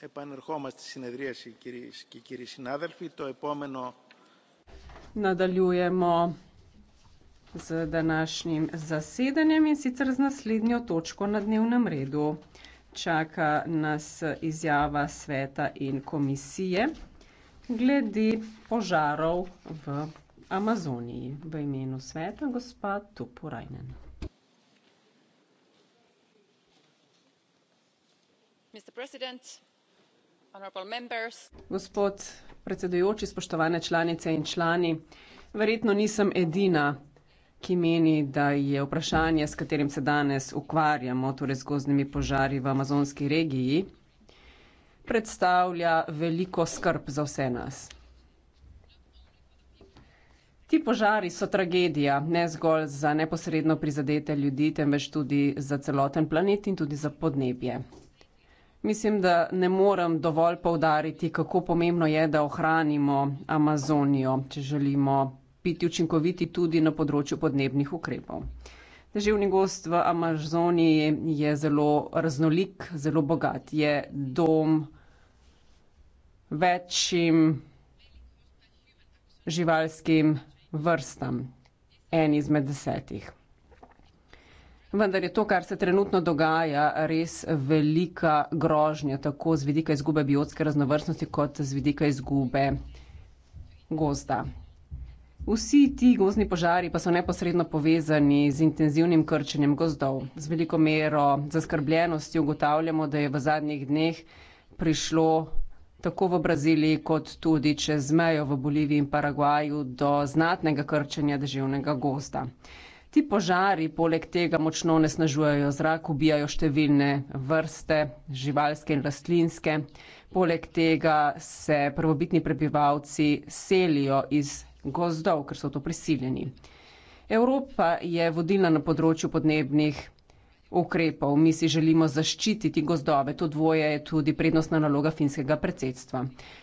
επανερχόμαστε συνεδρίαση κυρίες και κύριοι συνάδελφοι. Το επόμενο... Να δαλούμε с današnjim zasedanjem in sicer z naslednjo točko na dnevnem redu. Čaka nas izjava sveta in komisije glede požarov v Amazoniji. V imenu sveta gospa Tupurajnen. Mr. President, Gospod predsedujoči, spoštovane članice in člani, verjetno nisem edina, ki meni, da je vprašanje, s katerim se danes ukvarjamo, torej z gozdnimi požari v amazonski regiji, predstavlja veliko skrb za vse nas. Ti požari so tragedija, ne zgolj za neposredno prizadete ljudi, temveč tudi za celoten planet in tudi za podnebje. Mislim, da ne morem dovolj povdariti, kako pomembno je, da ohranimo Amazonijo, če želimo biti učinkoviti tudi na področju podnebnih ukrepov. Deževni gost v Amazoniji je zelo raznolik, zelo bogat. Je dom večjim živalskim vrstam, en izmed desetih. Vendar je to, kar se trenutno dogaja, res velika grožnja, tako z vidika izgube biotske raznovrstnosti, kot z vidika izgube gozda. Vsi ti gozni požari pa so neposredno povezani z intenzivnim krčenjem gozdov. Z veliko mero zaskrbljenosti ugotavljamo, da je v zadnjih dneh prišlo tako v Braziliji, kot tudi čez mejo v Boliviji in Paraguaju do znatnega krčenja deževnega gozda. Ti požari poleg tega močno onesnažujejo zrak, ubijajo številne vrste, živalske in rastlinske. Poleg tega se prvobitni prebivalci selijo iz gozdov, ker so to prisiljeni. Evropa je vodilna na področju podnebnih ukrepov. Mi si želimo zaščititi gozdove. To dvoje je tudi prednostna naloga finskega predsedstva.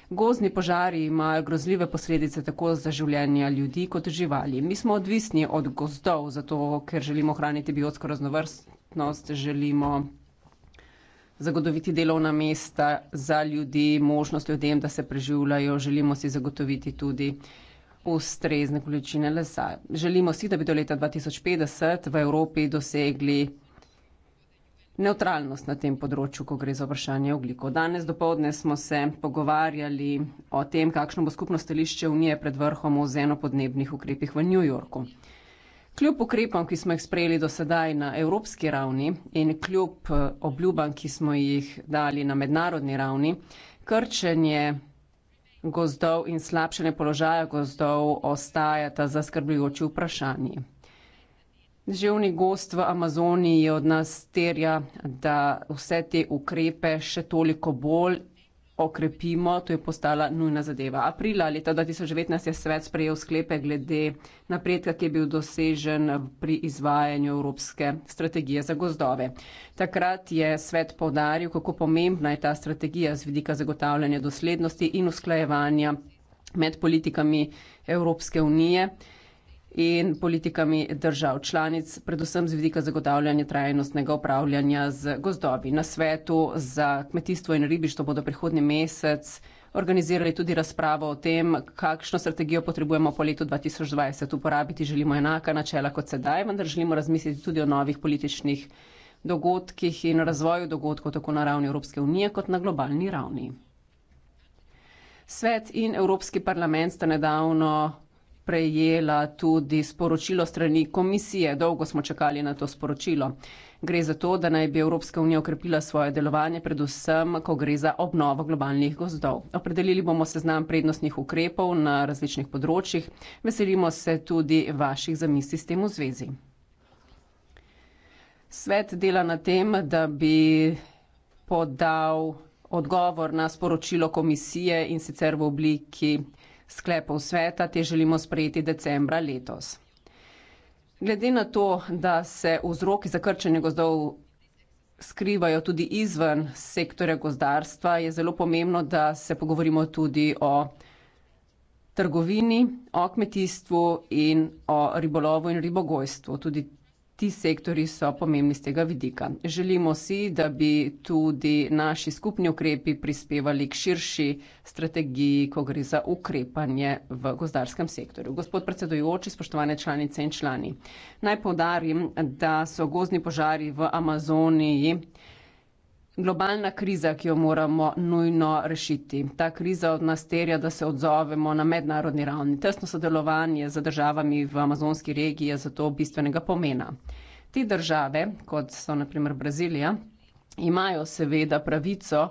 Gozni požari imajo grozljive posledice tako za življenja ljudi kot živali. Mi smo odvisni od gozdov, zato ker želimo ohraniti biotsko raznovrstnost, želimo zagotoviti delovna mesta za ljudi, možnost ljudem, da se preživljajo. Želimo si zagotoviti tudi ustrezne količine lesa. Želimo si, da bi do leta 2050 v Evropi dosegli neutralnost na tem področju, ko gre za vprašanje ogljikov. Danes dopovdne smo se pogovarjali o tem, kakšno bo skupno stališče Unije pred vrhom o zenopodnebnih ukrepih v New Yorku. Kljub ukrepom, ki smo jih sprejeli do sedaj na evropski ravni in kljub eh, obljubam, ki smo jih dali na mednarodni ravni, krčenje gozdov in slabšanje položaja gozdov ostajata zaskrbljujoči vprašanji. Živni gost v Amazoniji od nas terja, da vse te ukrepe še toliko bolj okrepimo, to je postala nujna zadeva. Aprila leta 2019 je svet sprejel sklepe glede napredka, ki je bil dosežen pri izvajanju Evropske strategije za gozdove. Takrat je svet povdaril, kako pomembna je ta strategija z vidika zagotavljanja doslednosti in usklajevanja med politikami Evropske unije in politikami držav članic, predvsem z vidika zagotavljanja trajnostnega upravljanja z gozdovi. Na svetu za kmetijstvo in ribištvo bodo prihodnji mesec organizirali tudi razpravo o tem, kakšno strategijo potrebujemo po letu 2020. Uporabiti želimo enaka načela kot sedaj, vendar želimo razmisliti tudi o novih političnih dogodkih in razvoju dogodkov tako na ravni Evropske unije kot na globalni ravni. Svet in Evropski parlament sta nedavno prejela tudi sporočilo strani komisije. Dolgo smo čakali na to sporočilo. Gre za to, da naj bi Evropska unija okrepila svoje delovanje, predvsem, ko gre za obnovo globalnih gozdov. Opredelili bomo seznam prednostnih ukrepov na različnih področjih. Veselimo se tudi vaših zamisli s tem v zvezi. Svet dela na tem, da bi podal odgovor na sporočilo komisije in sicer v obliki sklepov sveta te želimo sprejeti decembra letos. Glede na to, da se vzroki za krčenje gozdov skrivajo tudi izven sektorja gozdarstva, je zelo pomembno, da se pogovorimo tudi o trgovini, o kmetijstvu in o ribolovu in ribogojstvu. Tudi ti sektori so pomembni z tega vidika. Želimo si, da bi tudi naši skupni ukrepi prispevali k širši strategiji, ko gre za ukrepanje v gozdarskem sektorju. Gospod predsedujoči, spoštovane članice in člani, naj povdarim, da so gozni požari v Amazoniji Globalna kriza, ki jo moramo nujno rešiti. Ta kriza od nas terja, da se odzovemo na mednarodni ravni. Tesno sodelovanje z državami v amazonski regiji je zato bistvenega pomena. Te države, kot so naprimer Brazilija, imajo seveda pravico,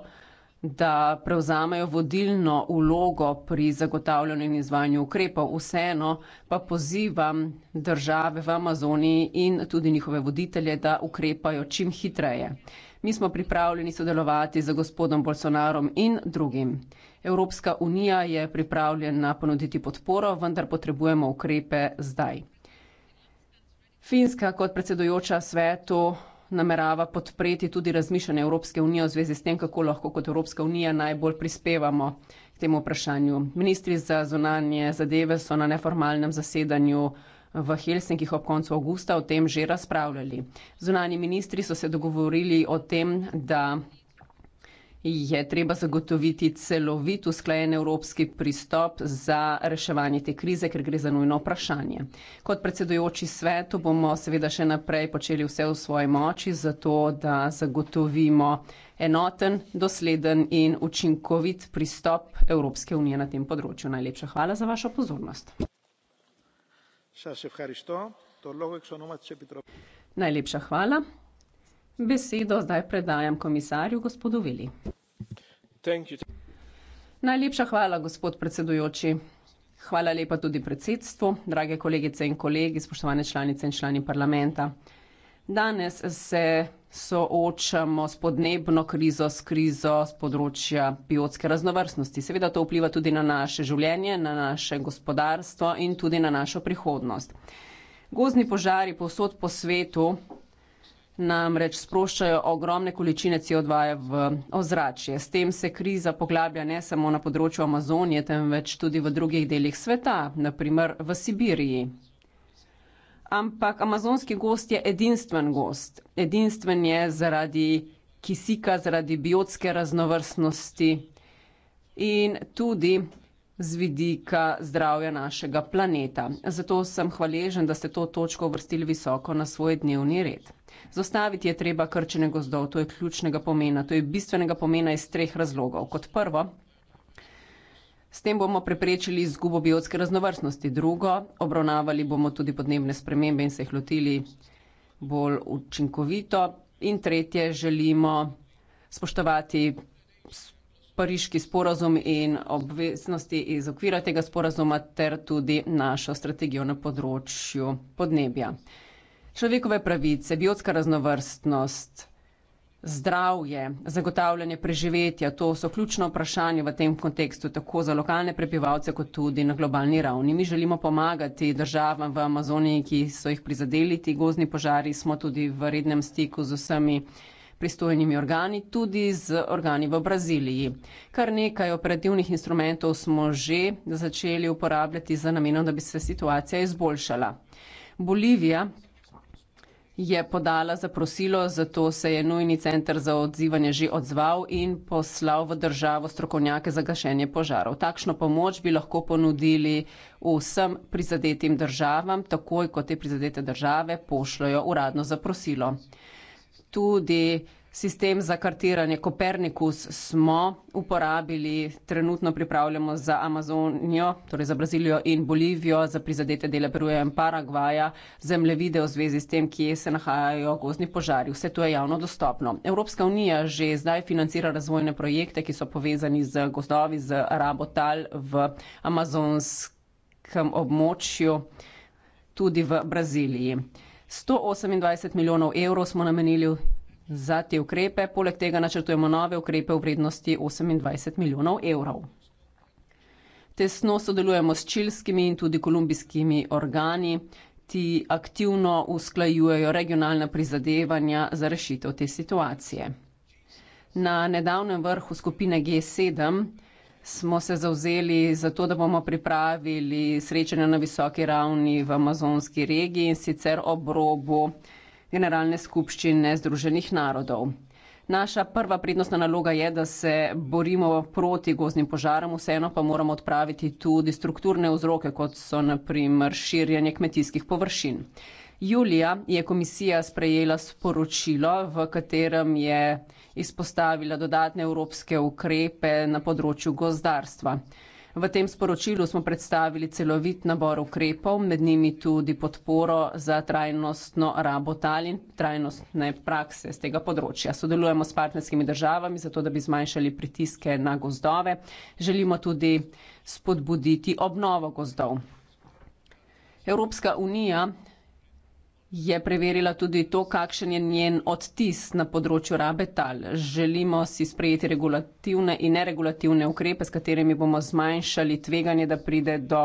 da prevzamejo vodilno ulogo pri zagotavljanju in izvajanju ukrepov. Vseeno pa pozivam države v Amazoniji in tudi njihove voditelje, da ukrepajo čim hitreje. Mi smo pripravljeni sodelovati z gospodom Bolsonarom in drugim. Evropska unija je pripravljena ponuditi podporo, vendar potrebujemo ukrepe zdaj. Finska kot predsedujoča svetu namerava podpreti tudi razmišljanje Evropske unije v zvezi s tem, kako lahko kot Evropska unija najbolj prispevamo k temu vprašanju. Ministri za zunanje zadeve so na neformalnem zasedanju v Helsinkih ob koncu avgusta o tem že razpravljali. Zunani ministri so se dogovorili o tem, da je treba zagotoviti celovit usklajen evropski pristop za reševanje te krize, ker gre za nujno vprašanje. Kot predsedujoči svetu bomo seveda še naprej počeli vse v svoji moči, zato da zagotovimo enoten, dosleden in učinkovit pristop Evropske unije na tem področju. Najlepša hvala za vašo pozornost. Najlepša hvala. Besedo zdaj predajam komisarju, gospodu Willi. Najlepša hvala, gospod predsedujoči. Hvala lepa tudi predsedstvu, drage kolegice in kolegi, spoštovane članice in člani parlamenta. Danes se soočamo s podnebno krizo, s krizo z področja biotske raznovrstnosti. Seveda to vpliva tudi na naše življenje, na naše gospodarstvo in tudi na našo prihodnost. Gozni požari povsod po svetu namreč sproščajo ogromne količine CO2 v ozračje. S tem se kriza poglablja ne samo na področju Amazonije, temveč tudi v drugih delih sveta, naprimer v Sibiriji ampak amazonski gost je edinstven gost. Edinstven je zaradi kisika, zaradi biotske raznovrstnosti in tudi z vidika zdravja našega planeta. Zato sem hvaležen, da ste to točko vrstili visoko na svoj dnevni red. Zostaviti je treba krčene gozdov, to je ključnega pomena, to je bistvenega pomena iz treh razlogov. Kot prvo, S tem bomo preprečili izgubo biotske raznovrstnosti. Drugo, obravnavali bomo tudi podnebne spremembe in se jih lotili bolj učinkovito. In tretje, želimo spoštovati pariški sporazum in obveznosti iz okvira tega sporazuma ter tudi našo strategijo na področju podnebja. Človekove pravice, biotska raznovrstnost, zdravje, zagotavljanje preživetja, to so ključno vprašanje v tem kontekstu, tako za lokalne prebivalce, kot tudi na globalni ravni. Mi želimo pomagati državam v Amazoniji, ki so jih prizadeli ti gozni požari, smo tudi v rednem stiku z vsemi pristojnimi organi, tudi z organi v Braziliji. Kar nekaj operativnih instrumentov smo že začeli uporabljati za namenom, da bi se situacija izboljšala. Bolivija, je podala zaprosilo, zato se je nujni center za odzivanje že odzval in poslal v državo strokovnjake za gašenje požarov. Takšno pomoč bi lahko ponudili vsem prizadetim državam, takoj ko te prizadete države pošljajo uradno zaprosilo. Tudi Sistem za kartiranje Kopernikus smo uporabili, trenutno pripravljamo za Amazonijo, torej za Brazilijo in Bolivijo, za prizadete dele Peruja in Paragvaja, zemljevide v zvezi s tem, kje se nahajajo gozni požari. Vse to je javno dostopno. Evropska unija že zdaj financira razvojne projekte, ki so povezani z gozdovi, z rabo tal v amazonskem območju, tudi v Braziliji. 128 milijonov evrov smo namenili Za te ukrepe poleg tega načrtujemo nove ukrepe v vrednosti 28 milijonov evrov. Tesno sodelujemo s čilskimi in tudi kolumbijskimi organi, ki aktivno usklajujejo regionalna prizadevanja za rešitev te situacije. Na nedavnem vrhu skupine G7 smo se zauzeli za to, da bomo pripravili srečanje na visoki ravni v amazonski regiji in sicer ob robu Generalne skupščine Združenih narodov. Naša prva prednostna naloga je, da se borimo proti gozdnim požarom, vseeno pa moramo odpraviti tudi strukturne vzroke, kot so naprimer širjanje kmetijskih površin. Julija je komisija sprejela sporočilo, v katerem je izpostavila dodatne evropske ukrepe na področju gozdarstva. V tem sporočilu smo predstavili celovit nabor ukrepov, med njimi tudi podporo za trajnostno rabo tal in trajnostne prakse z tega področja. Sodelujemo s partnerskimi državami, zato da bi zmanjšali pritiske na gozdove. Želimo tudi spodbuditi obnovo gozdov. Evropska unija Je preverila tudi to, kakšen je njen odtis na področju rabe tal. Želimo si sprejeti regulativne in neregulativne ukrepe, s katerimi bomo zmanjšali tveganje, da pride do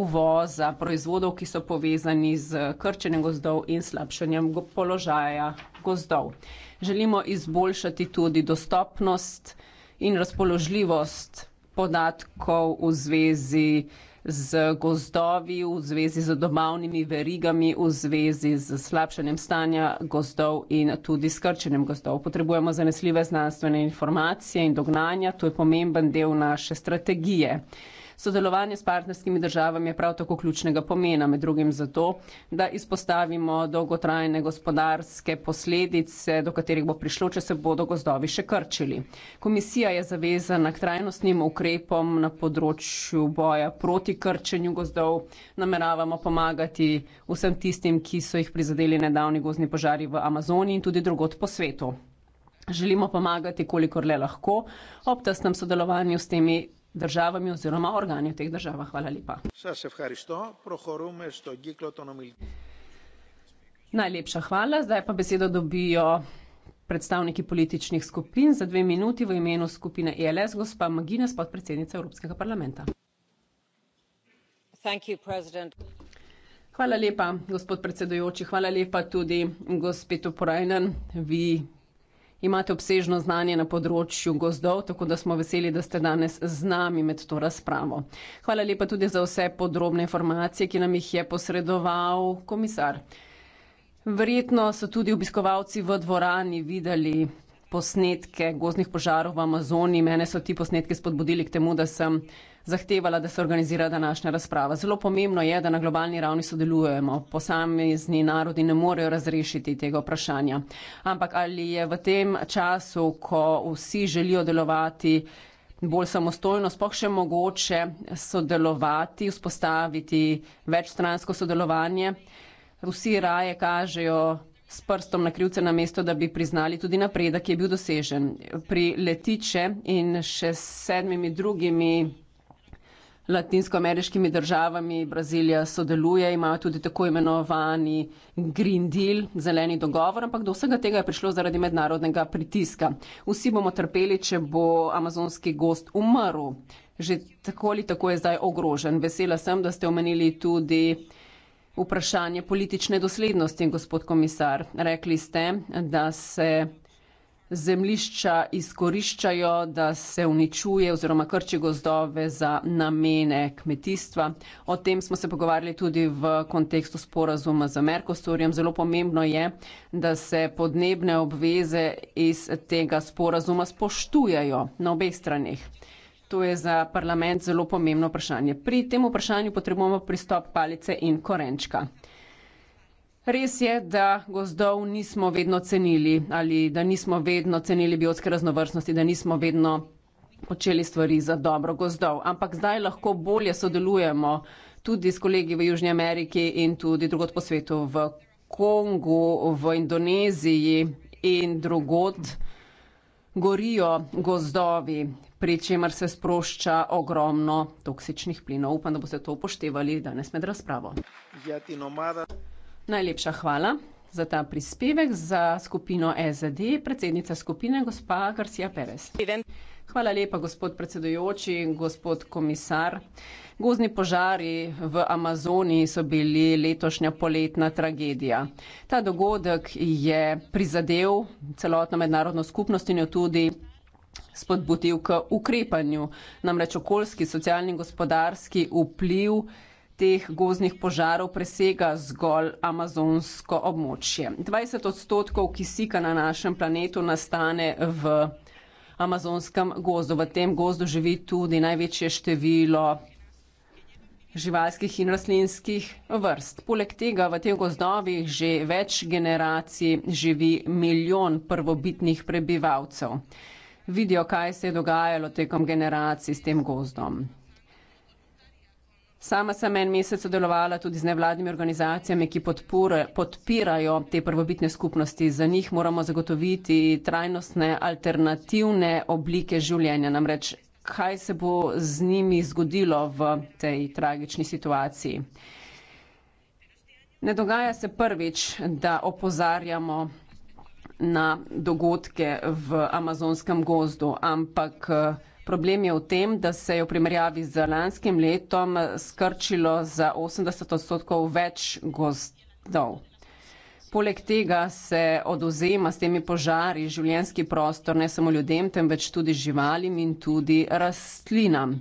uvoza proizvodov, ki so povezani z krčenjem gozdov in slabšanjem položaja gozdov. Želimo izboljšati tudi dostopnost in razpoložljivost podatkov v zvezi z gozdovi, v zvezi z domavnimi verigami, v zvezi z slabšanjem stanja gozdov in tudi skrčenjem gozdov. Potrebujemo zanesljive znanstvene informacije in dognanja, to je pomemben del naše strategije. Sodelovanje s partnerskimi državami je prav tako ključnega pomena, med drugim zato, da izpostavimo dolgotrajne gospodarske posledice, do katerih bo prišlo, če se bodo gozdovi še krčili. Komisija je zavezana k trajnostnim ukrepom na področju boja proti krčenju gozdov. Nameravamo pomagati vsem tistim, ki so jih prizadeli nedavni gozni požari v Amazoniji in tudi drugot po svetu. Želimo pomagati, kolikor le lahko, ob tesnem sodelovanju s temi državami oziroma organi v teh državah. Hvala lepa. Najlepša hvala. Zdaj pa besedo dobijo predstavniki političnih skupin za dve minuti v imenu skupine ELS, gospa McGuinness, podpredsednica Evropskega parlamenta. Hvala lepa, gospod predsedujoči. Hvala lepa tudi gospe Tuppurainen, vi Imate obsežno znanje na področju gozdov, tako da smo veseli, da ste danes z nami med to razpravo. Hvala lepa tudi za vse podrobne informacije, ki nam jih je posredoval komisar. Verjetno so tudi obiskovalci v dvorani videli posnetke gozdnih požarov v Amazoniji. Mene so ti posnetki spodbudili k temu, da sem zahtevala, da se organizira današnja razprava. Zelo pomembno je, da na globalni ravni sodelujemo. Posamezni narodi ne morejo razrešiti tega vprašanja. Ampak ali je v tem času, ko vsi želijo delovati bolj samostojno, spoh še mogoče sodelovati, vzpostaviti večstransko sodelovanje? Vsi raje kažejo s prstom na krivce, namesto da bi priznali tudi napredek, ki je bil dosežen. Pri Letiče in še sedmimi drugimi latinsko-ameriškimi državami Brazilija sodeluje, imajo tudi tako imenovani Green Deal, zeleni dogovor, ampak do vsega tega je prišlo zaradi mednarodnega pritiska. Vsi bomo trpeli, če bo amazonski gost umrl. Že tako ali tako je zdaj ogrožen. Vesela sem, da ste omenili tudi vprašanje politične doslednosti, gospod komisar. Rekli ste, da se zemlišča izkoriščajo, da se uničuje oziroma krči gozdove za namene kmetijstva. O tem smo se pogovarjali tudi v kontekstu sporazuma z Merkosturjem. Zelo pomembno je, da se podnebne obveze iz tega sporazuma spoštujajo na obeh stranih. To je za parlament zelo pomembno vprašanje. Pri tem vprašanju potrebujemo pristop palice in korenčka. Res je, da gozdov nismo vedno cenili ali da nismo vedno cenili biotske raznovrstnosti, da nismo vedno počeli stvari za dobro gozdov, ampak zdaj lahko bolje sodelujemo tudi s kolegi v Južnji Ameriki in tudi drugot po svetu, v Kongu, v Indoneziji in drugot. Gorijo gozdovi, pri čemer se sprošča ogromno toksičnih plinov. Upam, da boste to upoštevali danes med razpravo. Najlepša hvala za ta prispevek za skupino SZD, predsednica skupine gospa Garcia Perez. Hvala lepa, gospod predsedujoči, gospod komisar. Gozni požari v Amazoniji so bili letošnja poletna tragedija. Ta dogodek je prizadel celotno mednarodno skupnost in jo tudi spodbudil k ukrepanju. Namreč okoljski, socialni in gospodarski vpliv teh gozdnih požarov presega zgolj amazonsko območje. 20 odstotkov kisika na našem planetu nastane v amazonskem gozdu. V tem gozdu živi tudi največje število živalskih in rastlinskih vrst. Poleg tega v teh gozdovih že več generacij živi milijon prvobitnih prebivalcev vidijo, kaj se je dogajalo tekom generacij s tem gozdom. Sama sem en mesec sodelovala tudi z nevladnimi organizacijami, ki podpure, podpirajo te prvobitne skupnosti. Za njih moramo zagotoviti trajnostne alternativne oblike življenja. Namreč, kaj se bo z njimi zgodilo v tej tragični situaciji? Ne dogaja se prvič, da opozarjamo na dogodke v amazonskem gozdu, ampak eh, problem je v tem, da se je v primerjavi z lanskim letom skrčilo za 80 odstotkov več gozdov. Poleg tega se oduzema s temi požari življenski prostor ne samo ljudem, temveč tudi živalim in tudi rastlinam.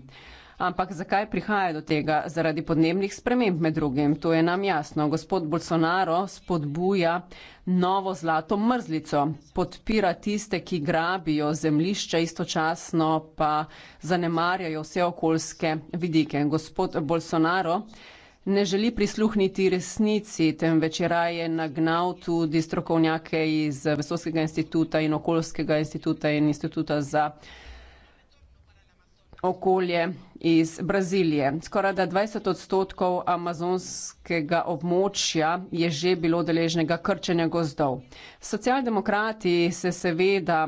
Ampak zakaj prihaja do tega? Zaradi podnebnih sprememb med drugim. To je nam jasno. Gospod Bolsonaro spodbuja novo zlato mrzlico, podpira tiste, ki grabijo zemlišče, istočasno pa zanemarjajo vse okoljske vidike. Gospod Bolsonaro ne želi prisluhniti resnici, temveč je raje nagnal tudi strokovnjake iz Vesolskega instituta in Okoljskega instituta in instituta za okolje iz Brazilije. Skoraj da 20 odstotkov amazonskega območja je že bilo deležnega krčenja gozdov. Socialdemokrati se seveda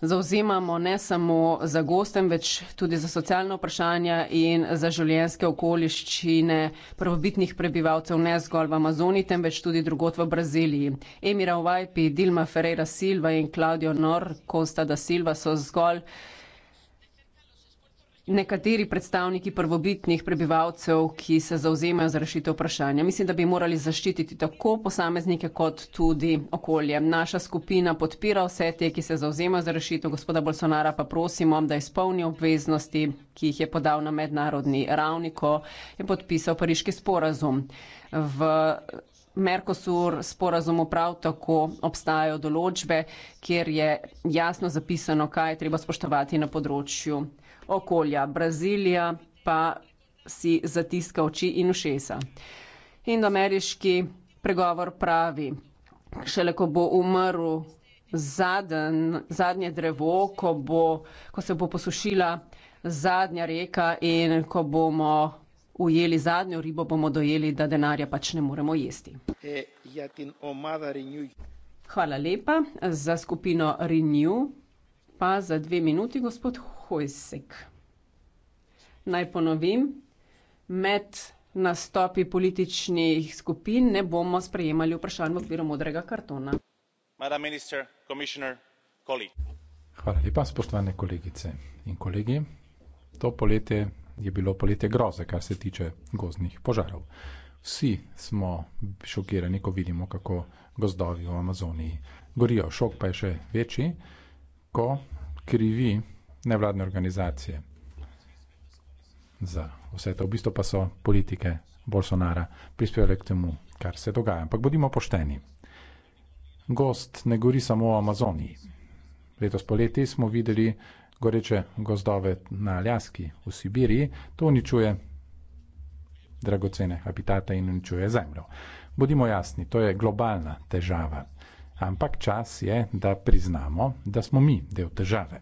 zauzemamo ne samo za gostem, več tudi za socialne vprašanja in za življenjske okoliščine prvobitnih prebivalcev ne zgolj v Amazoni, temveč tudi drugot v Braziliji. Emira Ovajpi, Dilma Ferreira Silva in Claudio Nor, Konstada Silva so zgolj nekateri predstavniki prvobitnih prebivalcev, ki se zauzemajo za rešitev vprašanja. Mislim, da bi morali zaščititi tako posameznike kot tudi okolje. Naša skupina podpira vse te, ki se zauzemajo za rešitev. Gospoda Bolsonara pa prosimo, da izpolni obveznosti, ki jih je podal na mednarodni ravni, ko je podpisal pariški sporazum. V Merkosur sporazumu prav tako obstajajo določbe, kjer je jasno zapisano, kaj je treba spoštovati na področju okolja. Brazilija pa si zatiska oči in ušesa. In ameriški pregovor pravi, šele ko bo umrl zaden, zadnje drevo, ko, bo, ko se bo posušila zadnja reka in ko bomo ujeli zadnjo ribo, bomo dojeli, da denarja pač ne moremo jesti. Hvala lepa za skupino Renew, pa za dve minuti, gospod Hojsek. Naj ponovim, med nastopi političnih skupin ne bomo sprejemali vprašanj v okviru modrega kartona. Minister, Hvala lepa, spoštovane kolegice in kolegi. To poletje je bilo poletje groze, kar se tiče gozdnih požarov. Vsi smo šokirani, ko vidimo, kako gozdovi v Amazoniji gorijo. Šok pa je še večji, ko krivi nevladne organizacije za vse to. V bistvu pa so politike Bolsonara prispevali k temu, kar se dogaja. Ampak bodimo pošteni. Gost ne gori samo v Amazoniji. Letos poleti smo videli goreče gozdove na Aljaski v Sibiriji. To uničuje dragocene habitate in uničuje zemljo. Bodimo jasni, to je globalna težava. Ampak čas je, da priznamo, da smo mi del težave.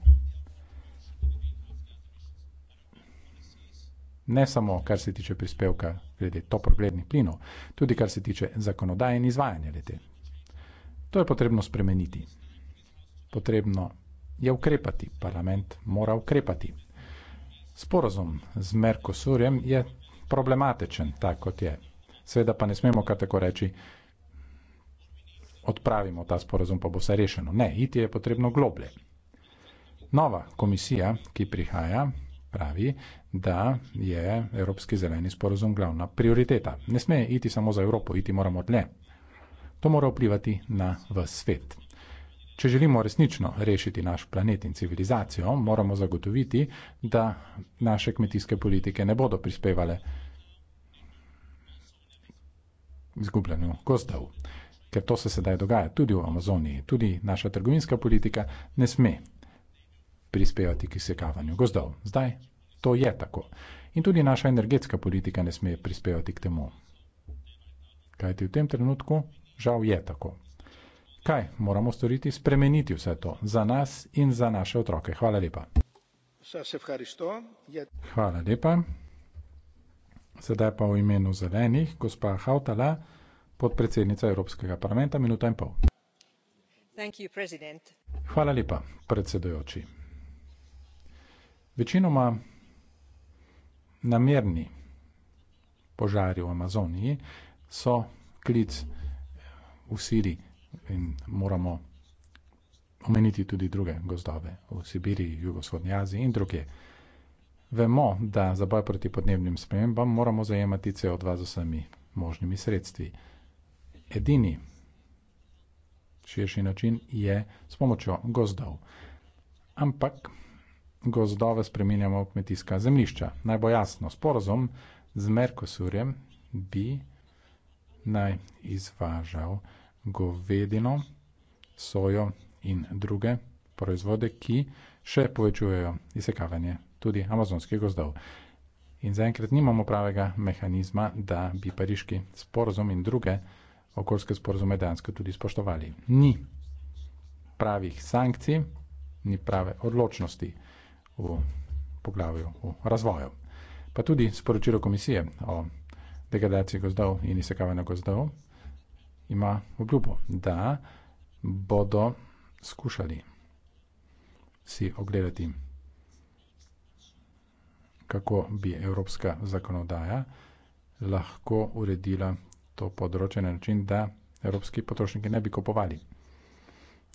ne samo kar se tiče prispevka glede toproglednih plinov, tudi kar se tiče zakonodaje in izvajanja lete. To je potrebno spremeniti. Potrebno je ukrepati, parlament mora ukrepati. Sporazum z Merkosurjem je problematičen, tako kot je. Sveda pa ne smemo kar tako reči, odpravimo ta sporazum, pa bo se rešeno. Ne, iti je potrebno globlje. Nova komisija, ki prihaja, pravi, da je Evropski zeleni sporozum glavna prioriteta. Ne sme iti samo za Evropo, iti moramo dlje. To mora vplivati na vse svet. Če želimo resnično rešiti naš planet in civilizacijo, moramo zagotoviti, da naše kmetijske politike ne bodo prispevale k izgubljanju gozdov. Ker to se sedaj dogaja tudi v Amazoniji, tudi naša trgovinska politika ne sme prispevati k izsekavanju gozdov. Zdaj to je tako. In tudi naša energetska politika ne sme prispevati k temu. Kaj ti v tem trenutku žal je tako. Kaj moramo storiti? Spremeniti vse to za nas in za naše otroke. Hvala lepa. Hvala lepa. Sedaj pa v imenu zelenih, gospa Hautala, podpredsednica Evropskega parlamenta, minuta in pol. Hvala lepa, predsedujoči večinoma namerni požari v Amazoniji so klic v Siriji in moramo omeniti tudi druge gozdove v Sibiriji, Jugoshodni Aziji in druge. Vemo, da za boj proti podnebnim spremembam moramo zajemati CO2 z vsemi možnimi sredstvi. Edini širši način je s pomočjo gozdov. Ampak gozdove spreminjamo v kmetijska zemljišča. Naj bo jasno, sporozum z Merkosurjem bi naj izvažal govedino, sojo in druge proizvode, ki še povečujejo izsekavanje tudi amazonskih gozdov. In zaenkrat nimamo pravega mehanizma, da bi pariški sporozum in druge okoljske sporozume dejansko tudi spoštovali. Ni pravih sankcij, ni prave odločnosti v poglavju o razvoju, pa tudi sporočilo komisije o degradaciji gozdov in izsekavanju gozdov ima obljubo, da bodo skušali si ogledati, kako bi evropska zakonodaja lahko uredila to področje na način, da evropski potrošniki ne bi kupovali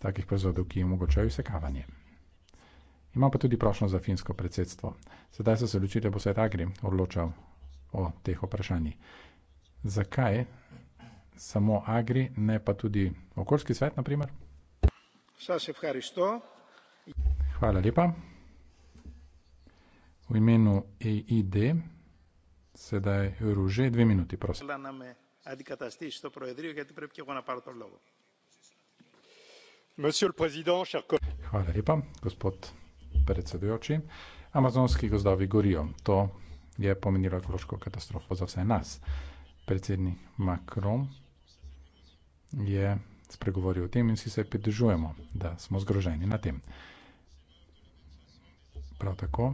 takih proizvodov, ki omogočajo izsekavanje. Ima pa tudi prošlost za finsko predsedstvo. Sedaj so se odločili, da bo svet Agri odločal o teh vprašanjih. Zakaj samo Agri, ne pa tudi okoljski svet, naprimer? Hvala lepa. V imenu EID, sedaj Ruže, dve minuti, prosim. Hvala lepa, gospod predsedujoči, amazonski gozdovi gorijo. To je pomenilo ekološko katastrofo za vse nas. Predsednik Macron je spregovoril o tem in vsi se pridružujemo, da smo zgroženi na tem. Prav tako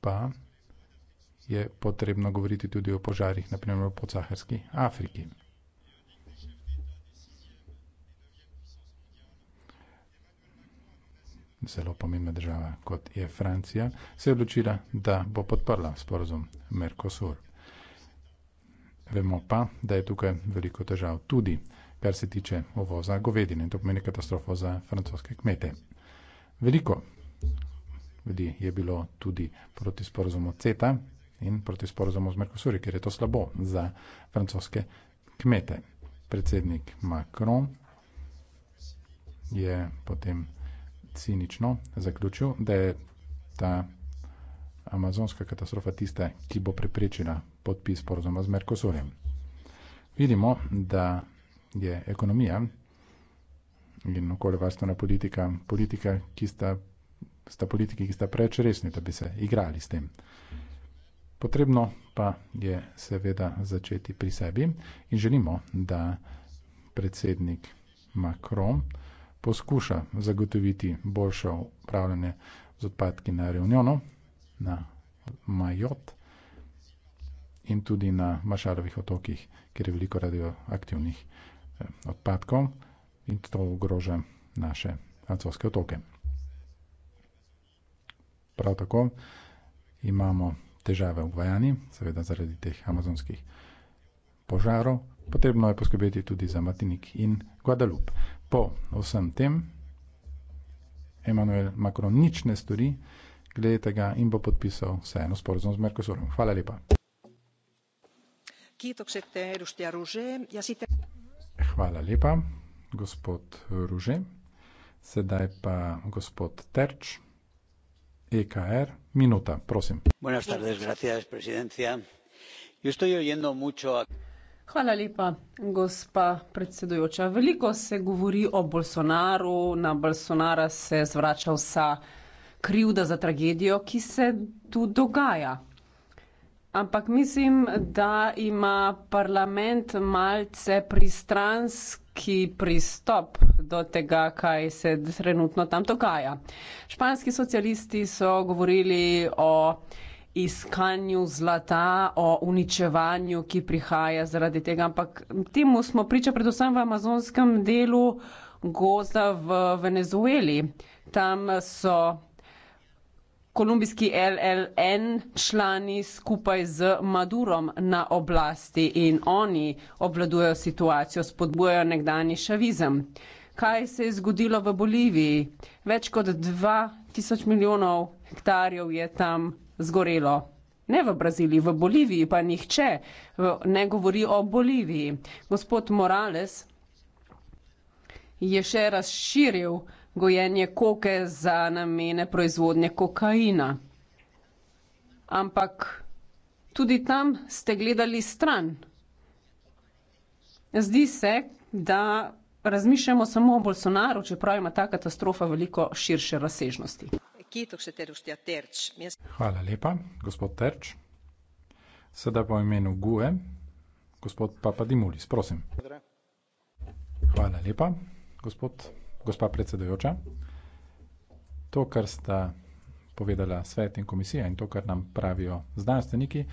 pa je potrebno govoriti tudi o požarih, na primer po Saharski Afriki. zelo pomembna država, kot je Francija, se je odločila, da bo podprla sporozum Mercosur. Vemo pa, da je tukaj veliko težav tudi, kar se tiče ovoza govedine. To pomeni katastrofo za francoske kmete. Veliko ljudi je bilo tudi proti sporozumu CETA in proti sporozumu z Mercosuri, ker je to slabo za francoske kmete. Predsednik Macron je potem cinično zaključil, da je ta amazonska katastrofa tista, ki bo preprečila podpis sporozuma z Merkosurjem. Vidimo, da je ekonomija in okoljevarstvena politika politika, ki sta, sta politiki, ki sta preč resni, da bi se igrali s tem. Potrebno pa je seveda začeti pri sebi in želimo, da predsednik Macron poskuša zagotoviti boljše upravljanje z odpadki na Reunionu, na Majot in tudi na Mašarovih otokih, kjer je veliko radioaktivnih eh, odpadkov in to ogroža naše francoske otoke. Prav tako imamo težave v Gvajani, seveda zaradi teh amazonskih požarov. Potrebno je poskrbeti tudi za Martinik in Guadalupe. Po vsem tem, Emanuel Macron nič ne stori glede tega in bo podpisal vseeno sporozum z Mercosurom. Hvala lepa. Ja Hvala lepa, gospod Ruže. Sedaj pa gospod Terč, EKR, minuta, prosim. Buenas tardes, gracias, presidencia. Yo estoy oyendo mucho a... Hvala lepa, gospa predsedujoča. Veliko se govori o Bolsonaru, na Bolsonara se zvrača vsa krivda za tragedijo, ki se tu dogaja. Ampak mislim, da ima parlament malce pristranski pristop do tega, kaj se trenutno tam dogaja. Španski socialisti so govorili o iskanju zlata, o uničevanju, ki prihaja zaradi tega. Ampak temu smo priča predvsem v amazonskem delu gozda v Venezueli. Tam so kolumbijski LLN člani skupaj z Madurom na oblasti in oni obvladujejo situacijo, spodbujajo nekdani šavizem. Kaj se je zgodilo v Boliviji? Več kot 2000 milijonov hektarjev je tam zgorelo. Ne v Braziliji, v Boliviji pa nihče ne govori o Boliviji. Gospod Morales je še razširil gojenje koke za namene proizvodnje kokaina. Ampak tudi tam ste gledali stran. Zdi se, da razmišljamo samo o Bolsonaru, čeprav ima ta katastrofa veliko širše razsežnosti. Hvala lepa, gospod Terč. Sedaj pa v imenu GUE, gospod Papadimulis, prosim. Hvala lepa, gospod, gospa predsedujoča. To, kar sta povedala svet in komisija in to, kar nam pravijo znanstveniki,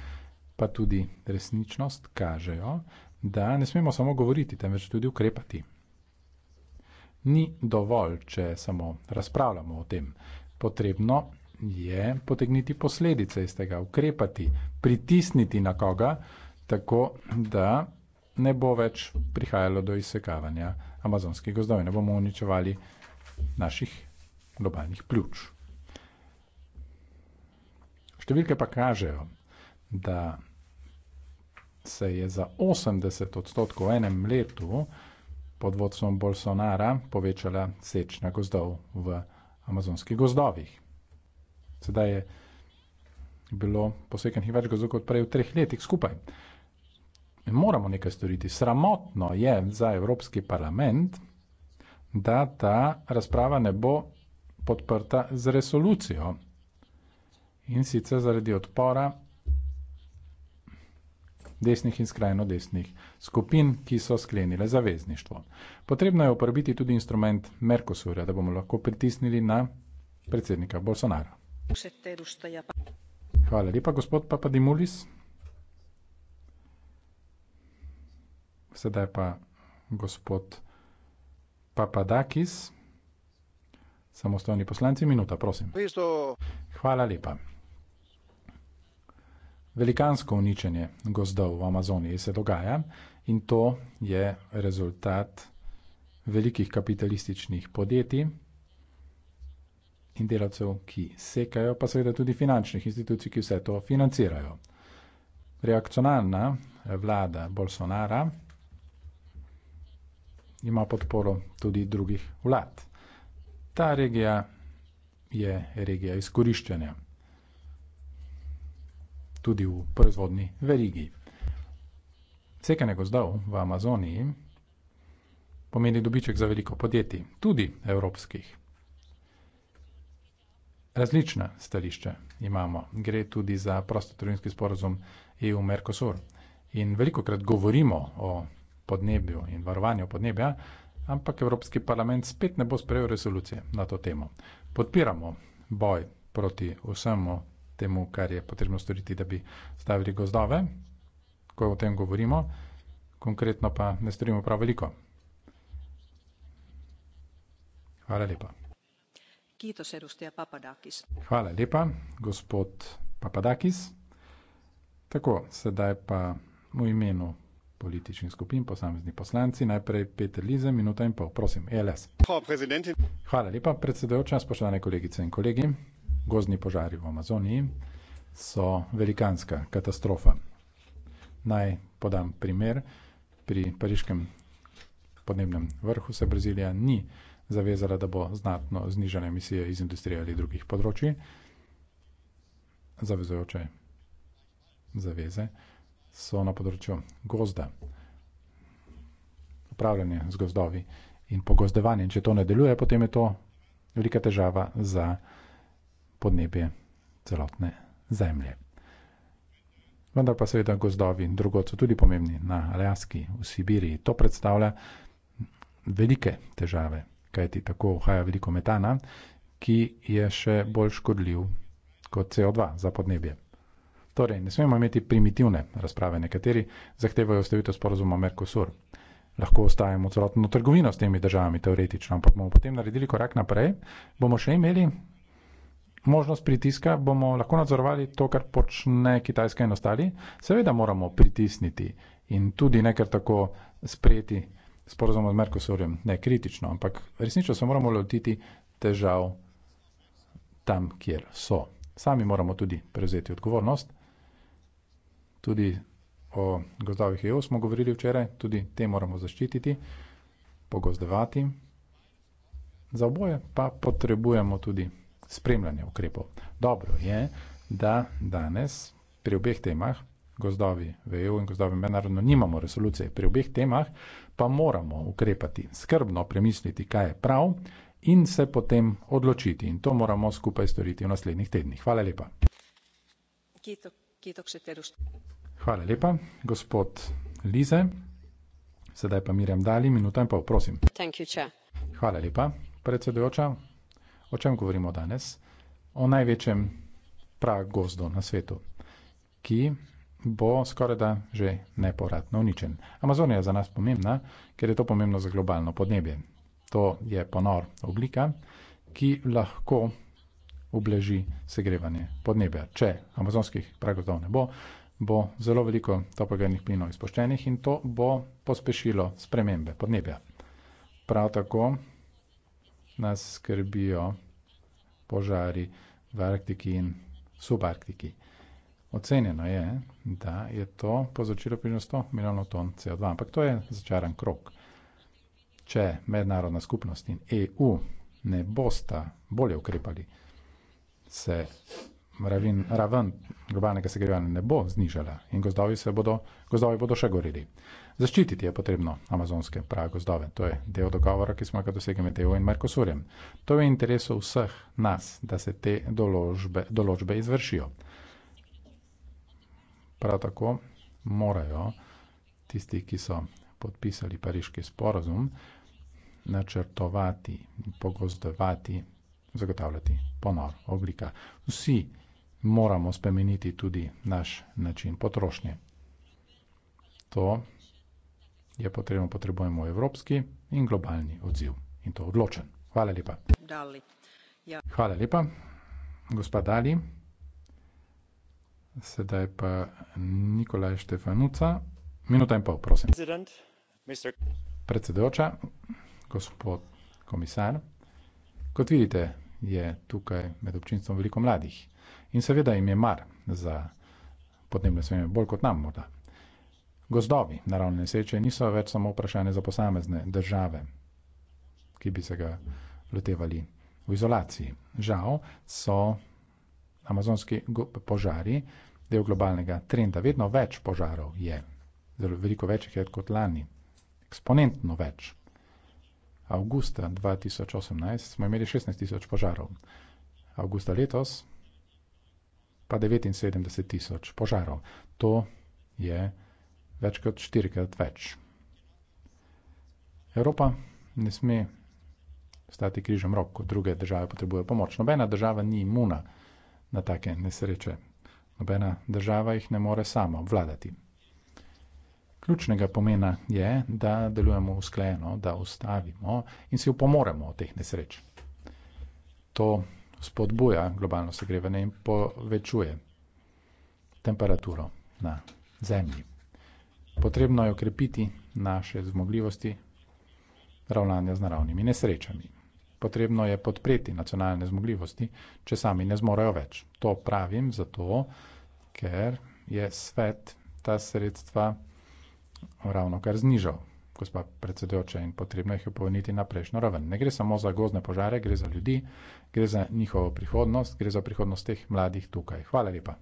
pa tudi resničnost, kažejo, da ne smemo samo govoriti, temveč tudi ukrepati. Ni dovolj, če samo razpravljamo o tem, Potrebno je potegniti posledice iz tega, ukrepati, pritisniti na koga, tako da ne bo več prihajalo do izsekavanja amazonskih gozdov in ne bomo uničevali naših globalnih pljuč. Številke pa kažejo, da se je za 80 odstotkov v enem letu pod vodstvom Bolsonara povečala sečna gozdov v Amazonu amazonskih gozdovih. Sedaj je bilo posekanih več gozdov kot prej v treh letih skupaj. In moramo nekaj storiti. Sramotno je za Evropski parlament, da ta razprava ne bo podprta z resolucijo. In sicer zaradi odpora desnih in skrajno desnih skupin, ki so sklenile zavezništvo. Potrebno je uporabiti tudi instrument Merkosura, da bomo lahko pritisnili na predsednika Bolsonara. Hvala lepa, gospod Papadimulis. Sedaj pa gospod Papadakis, samostojni poslanci, minuta, prosim. Hvala lepa. Velikansko uničenje gozdov v Amazoniji se dogaja in to je rezultat velikih kapitalističnih podjetij in delavcev, ki sekajo, pa seveda tudi finančnih institucij, ki vse to financirajo. Reakcionalna vlada Bolsonara ima podporo tudi drugih vlad. Ta regija je regija izkoriščanja tudi v proizvodni verigi. Sekanje gozdov v Amazoniji pomeni dobiček za veliko podjetij, tudi evropskih. Različna stališča imamo. Gre tudi za prostotrgovinski sporazum EU-Mercosur. In velikokrat govorimo o podnebju in varovanju podnebja, ampak Evropski parlament spet ne bo sprejel resolucije na to temo. Podpiramo boj proti vsemu temu, kar je potrebno storiti, da bi stavili gozdove, ko o tem govorimo, konkretno pa ne storimo prav veliko. Hvala lepa. Kiitos, edustaja Papadakis. Hvala lepa, gospod Papadakis. Tako, sedaj pa v imenu političnih skupin, posamezni poslanci, najprej Peter Lize, minuta in pol, prosim, ELS. Hvala lepa, predsedujoča, spoštovane kolegice in kolegi gozdni požari v Amazoniji so velikanska katastrofa. Naj podam primer. Pri pariškem podnebnem vrhu se Brazilija ni zavezala, da bo znatno znižala emisije iz industrije ali drugih področji. Zavezujoče zaveze so na področju gozda, upravljanje z gozdovi in pogozdevanje. In če to ne deluje, potem je to velika težava za podnebje celotne zemlje. Vendar pa seveda gozdovi in drugot so tudi pomembni na Aljaski, v Sibiriji. To predstavlja velike težave, kajti tako uhaja veliko metana, ki je še bolj škodljiv kot CO2 za podnebje. Torej, ne smemo imeti primitivne razprave, nekateri zahtevajo ostavitev sporozuma Merkosur. Lahko ostajamo celotno trgovino s temi državami, teoretično, ampak bomo potem naredili korak naprej, bomo še imeli možnost pritiska, bomo lahko nadzorovali to, kar počne Kitajska in ostali. Seveda moramo pritisniti in tudi nekaj tako sprejeti sporozum z Merkosurjem, ne kritično, ampak resnično se moramo lotiti težav tam, kjer so. Sami moramo tudi prevzeti odgovornost. Tudi o gozdovih EU smo govorili včeraj, tudi te moramo zaščititi, pogozdovati. Za oboje pa potrebujemo tudi spremljanja ukrepov. Dobro je, da danes pri obeh temah, gozdovi v EU in gozdovi mednarodno, nimamo resolucije. Pri obeh temah pa moramo ukrepati, skrbno premisliti, kaj je prav in se potem odločiti. In to moramo skupaj storiti v naslednjih tednih. Hvala lepa. Hvala lepa, gospod Lize. Sedaj pa mirjam dali, minuta in pol, prosim. Hvala lepa, predsedujoča. O čem govorimo danes? O največjem prah gozdu na svetu, ki bo skoraj da že neporadno uničen. Amazonija je za nas pomembna, ker je to pomembno za globalno podnebje. To je ponor oblika, ki lahko obleži segrevanje podnebja. Če amazonskih pragozdov ne bo, bo zelo veliko topogenih plinov izpoščenih in to bo pospešilo spremembe podnebja. Prav tako nas skrbijo požari v Arktiki in subarktiki. Ocenjeno je, da je to povzročilo približno 100 milijonov ton CO2, ampak to je začaran krok. Če mednarodna skupnost in EU ne bosta bolje ukrepali, se raven, raven globalnega segrevanja ne bo znižala in gozdovi, se bodo, gozdovi bodo še gorili. Zaščititi je potrebno amazonske pragozdove. To je del dogovora, ki smo ga dosegli med EU in Merkosurjem. To je v interesu vseh nas, da se te določbe, določbe izvršijo. Prav tako morajo tisti, ki so podpisali pariški sporozum, načrtovati, pogozdovati, zagotavljati ponor oblika. Vsi moramo spremeniti tudi naš način potrošnje. To je potrebno potrebujemo evropski in globalni odziv in to odločen. Hvala lepa. Dali. Ja. Hvala lepa, gospa Dali. Sedaj pa Nikolaj Štefanuca. Minuta in pol, prosim. Predsedujoča, gospod komisar, kot vidite, je tukaj med občinstvom veliko mladih in seveda jim je mar za podnebne sveme, bolj kot nam morda. Gozdovi naravne nesreče niso več samo vprašanje za posamezne države, ki bi se ga lotevali v izolaciji. Žal so amazonski požari del globalnega trenda. Vedno več požarov je, zelo veliko več je kot lani, eksponentno več. Augusta 2018 smo imeli 16 tisoč požarov, augusta letos pa 79 tisoč požarov. To je več kot štirikrat več. Evropa ne sme stati križem rok, ko druge države potrebujejo pomoč. Nobena država ni imuna na take nesreče. Nobena država jih ne more sama obvladati. Ključnega pomena je, da delujemo uskleno, da ustavimo in si upomoremo od teh nesreč. To spodbuja globalno segrevanje in povečuje temperaturo na Zemlji potrebno je okrepiti naše zmogljivosti ravnanja z naravnimi nesrečami. Potrebno je podpreti nacionalne zmogljivosti, če sami ne zmorejo več. To pravim zato, ker je svet ta sredstva ravno kar znižal, gospa predsedujoča, in potrebno jih je povniti na prejšnjo raven. Ne gre samo za gozne požare, gre za ljudi, gre za njihovo prihodnost, gre za prihodnost teh mladih tukaj. Hvala lepa.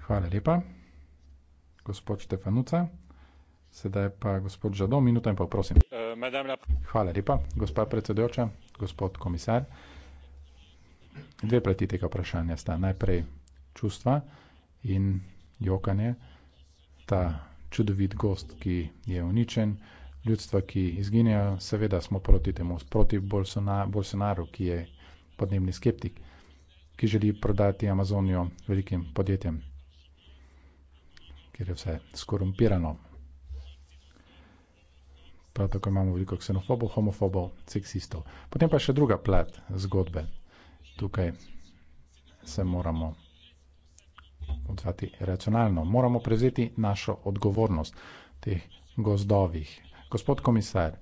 Hvala lepa, gospod Štefanuca. Sedaj pa gospod Žado, minuta in pa prosim. Eh, Hvala lepa, gospa predsedujoča, gospod komisar. Dve plati tega vprašanja sta. Najprej čustva in jokanje. Ta čudovit gost, ki je uničen, ljudstva, ki izginejo, seveda smo proti temu, proti Bolsonaru, ki je podnebni skeptik ki želi prodati Amazonijo velikim podjetjem, ker je vse skorumpirano. Prav tako imamo veliko ksenofobov, homofobov, seksistov. Potem pa še druga plat zgodbe. Tukaj se moramo odzvati racionalno. Moramo prevzeti našo odgovornost v teh gozdovih. Gospod komisar,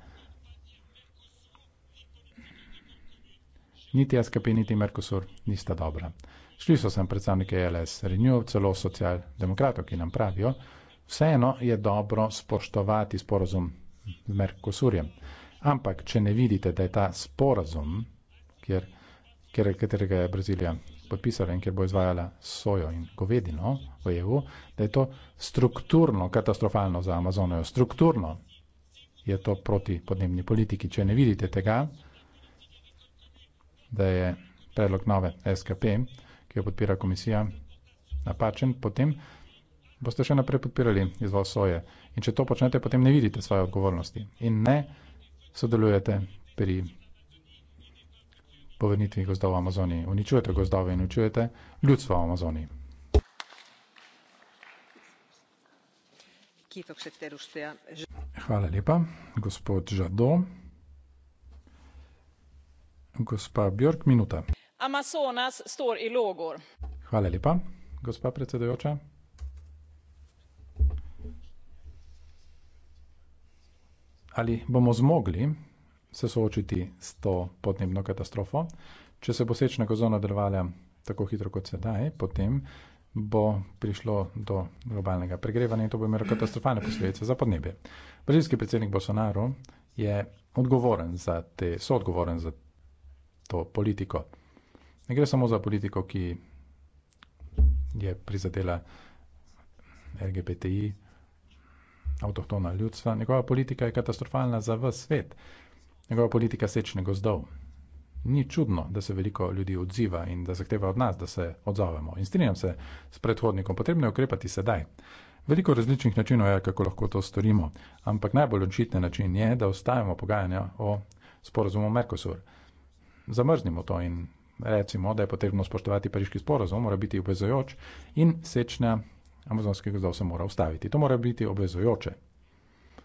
niti SKP, niti Merkosur nista dobra. Šli so sem predstavniki LS, Renew, celo socialdemokratov, ki nam pravijo, vseeno je dobro spoštovati sporazum z Merkosurjem. Ampak, če ne vidite, da je ta sporazum, kjer, kjer, katerega je Brazilija podpisala in kjer bo izvajala sojo in govedino v EU, da je to strukturno katastrofalno za Amazonijo, strukturno je to proti podnebni politiki. Če ne vidite tega, da je predlog nove SKP, ki jo podpira komisija, napačen, potem boste še naprej podpirali izvoz soje. In če to počnete, potem ne vidite svoje odgovornosti in ne sodelujete pri povrnitvi gozdov v Amazoniji. Uničujete gozdove in uničujete ljudstvo v Amazoniji. Hvala lepa. Gospod Žado gospa Björk, minuta. Amazonas står i lågor. Hvala lepa, gospa predsedujoča. Ali bomo zmogli se soočiti s to podnebno katastrofo? Če se bo sečna gozona nadaljevala tako hitro kot sedaj, potem bo prišlo do globalnega pregrevanja in to bo imelo katastrofalne posledice za podnebje. Brazilski predsednik Bolsonaro je odgovoren za te, soodgovoren za te to politiko. Ne gre samo za politiko, ki je prizadela LGBTI, avtohtona ljudstva. Njegova politika je katastrofalna za vse svet. Njegova politika sečne gozdov. Ni čudno, da se veliko ljudi odziva in da zahteva od nas, da se odzovemo. In strinjam se s predhodnikom, potrebno je ukrepati sedaj. Veliko različnih načinov je, kako lahko to storimo, ampak najbolj očitni način je, da ostavimo pogajanja o sporazumu Merkosur zamrznimo to in recimo, da je potrebno spoštovati pariški sporozum, mora biti obvezojoč in sečnja amazonskih gozdov se mora ustaviti. To mora biti obvezojoče.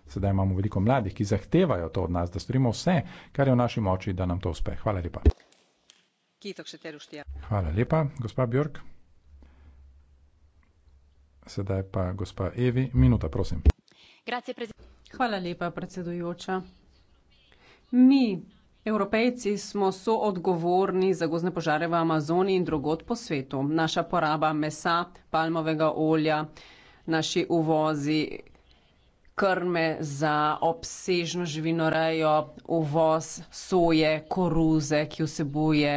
Sedaj imamo veliko mladih, ki zahtevajo to od nas, da storimo vse, kar je v naši moči, da nam to uspe. Hvala lepa. Ja. Hvala lepa, gospa Björk. Sedaj pa gospa Evi, minuta, prosim. Hvala lepa, predsedujoča. Mi, Evropejci smo soodgovorni za gozne požare v Amazoniji in drugot po svetu. Naša poraba mesa, palmovega olja, naši uvozi krme za obsežno živinorejo, uvoz soje, koruze, ki vsebuje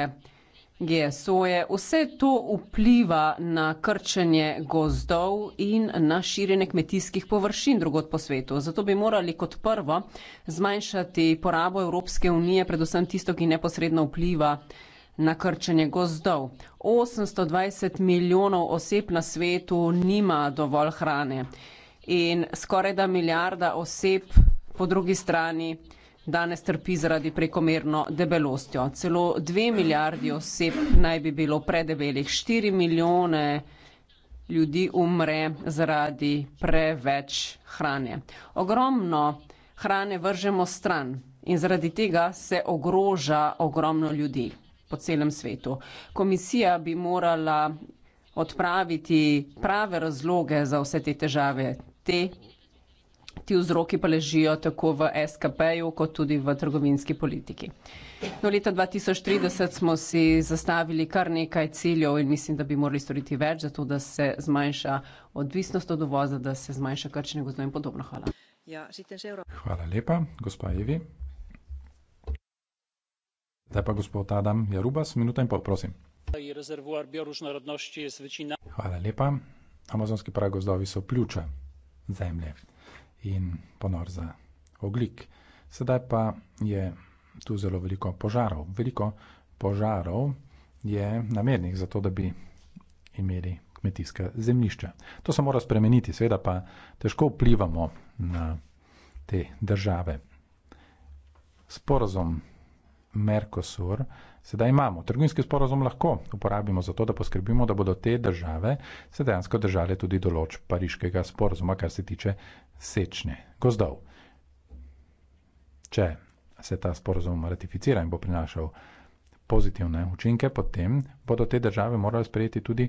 GSO-je, vse to vpliva na krčenje gozdov in na širjenje kmetijskih površin drugot po svetu. Zato bi morali kot prvo zmanjšati porabo Evropske unije, predvsem tisto, ki neposredno vpliva na krčenje gozdov. 820 milijonov oseb na svetu nima dovolj hrane in skoraj da milijarda oseb po drugi strani danes trpi zaradi prekomerno debelostjo. Celo dve milijardi oseb naj bi bilo predebelih, štiri milijone ljudi umre zaradi preveč hrane. Ogromno hrane vržemo stran in zaradi tega se ogroža ogromno ljudi po celem svetu. Komisija bi morala odpraviti prave razloge za vse te težave. Te ti vzroki pa ležijo tako v SKP-ju, kot tudi v trgovinski politiki. No, leta 2030 smo si zastavili kar nekaj ciljev in mislim, da bi morali storiti več za to, da se zmanjša odvisnost od uvoza, da se zmanjša krčenje gozdov in podobno. Hvala. Ja, Hvala lepa, gospa Evi. Zdaj pa gospod Adam Jarubas, minuta in pol, prosim. Hvala lepa. Amazonski pragozdovi so pljuča zemlje in ponor za oglik. Sedaj pa je tu zelo veliko požarov. Veliko požarov je namernih za to, da bi imeli kmetijska zemljišča. To se mora spremeniti, seveda pa težko vplivamo na te države. Sporazum Mercosur Sedaj imamo. Trgovinski sporozum lahko uporabimo za to, da poskrbimo, da bodo te države se dejansko držale tudi določ pariškega sporozuma, kar se tiče sečne gozdov. Če se ta sporozum ratificira in bo prinašal pozitivne učinke, potem bodo te države morale sprejeti tudi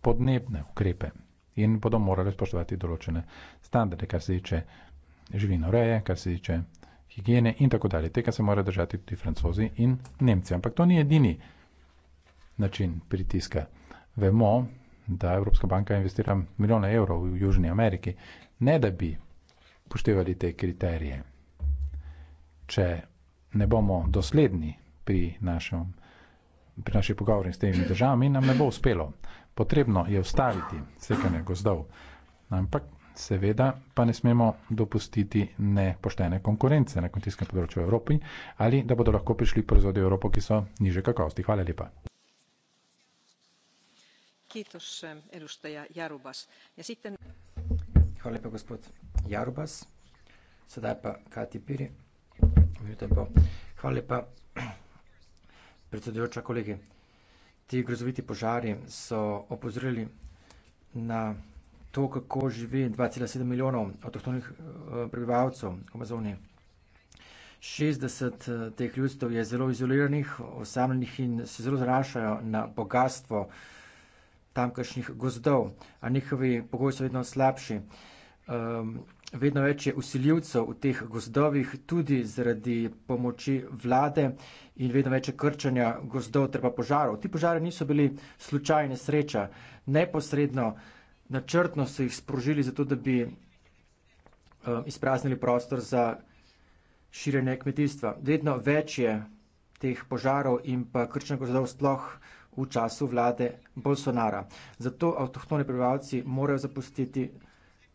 podnebne ukrepe in bodo morale spoštovati določene standarde, kar se tiče živinoreje, kar se tiče higiene in tako dalje. Tega se morajo držati tudi francozi in nemci. Ampak to ni edini način pritiska. Vemo, da Evropska banka investira milijone evrov v Južni Ameriki, ne da bi poštevali te kriterije. Če ne bomo dosledni pri, našem, pri naši pogovori s temi državami, nam ne bo uspelo. Potrebno je ustaviti sekanje gozdov. Ampak Seveda pa ne smemo dopustiti nepoštene konkurence na kmetijskem področju v Evropi ali da bodo lahko prišli proizvodi v Evropo, ki so niže kakovosti. Hvala lepa. Eh, ja Hvala lepa, gospod Jarubas. Sedaj pa Kati Piri. Hvala lepa, predsedujoča, kolegi. Ti grozoviti požari so opozorili na to, kako živi 2,7 milijonov eh, avtohtonih eh, prebivalcev v Amazoniji. 60 eh, teh ljudstv je zelo izoliranih, osamljenih in se zelo zrašajo na bogatstvo tamkajšnjih gozdov, a njihovi pogoji so vedno slabši. Um, vedno več je usiljivcev v teh gozdovih, tudi zaradi pomoči vlade in vedno več je krčanja gozdov, treba požarov. Ti požari niso bili slučajne sreča, neposredno uh, načrtno so jih sprožili zato, da bi uh, izpraznili prostor za širjenje kmetijstva. Vedno več je teh požarov in pa krčne gozdov sploh v času vlade Bolsonara. Zato avtohtone prebivalci morajo zapustiti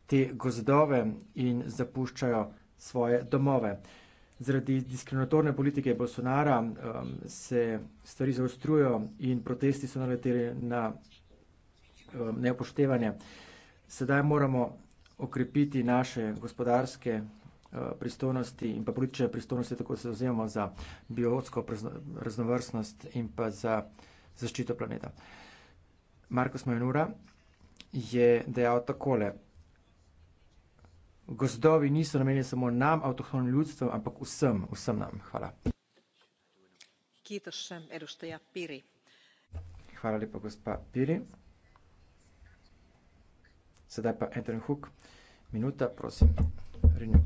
te gozdove in zapuščajo svoje domove. Zaradi diskriminatorne politike Bolsonara um, se stvari zaostrujo in protesti so naleteli na Um, neupoštevanje. Sedaj moramo okrepiti naše gospodarske uh, pristojnosti in pa politične pristojnosti, tako se zauzemamo za biotsko raznovrstnost in pa za zaščito planeta. Marko Smajnura je dejal takole. Gozdovi niso namenjeni samo nam, avtohtonim ljudstvom, ampak vsem, vsem nam. Hvala. Kiitos, edustaja Piri. Hvala lepa, gospa Piri. Sedaj pa Eden Huk, minuta, prosim. Renju.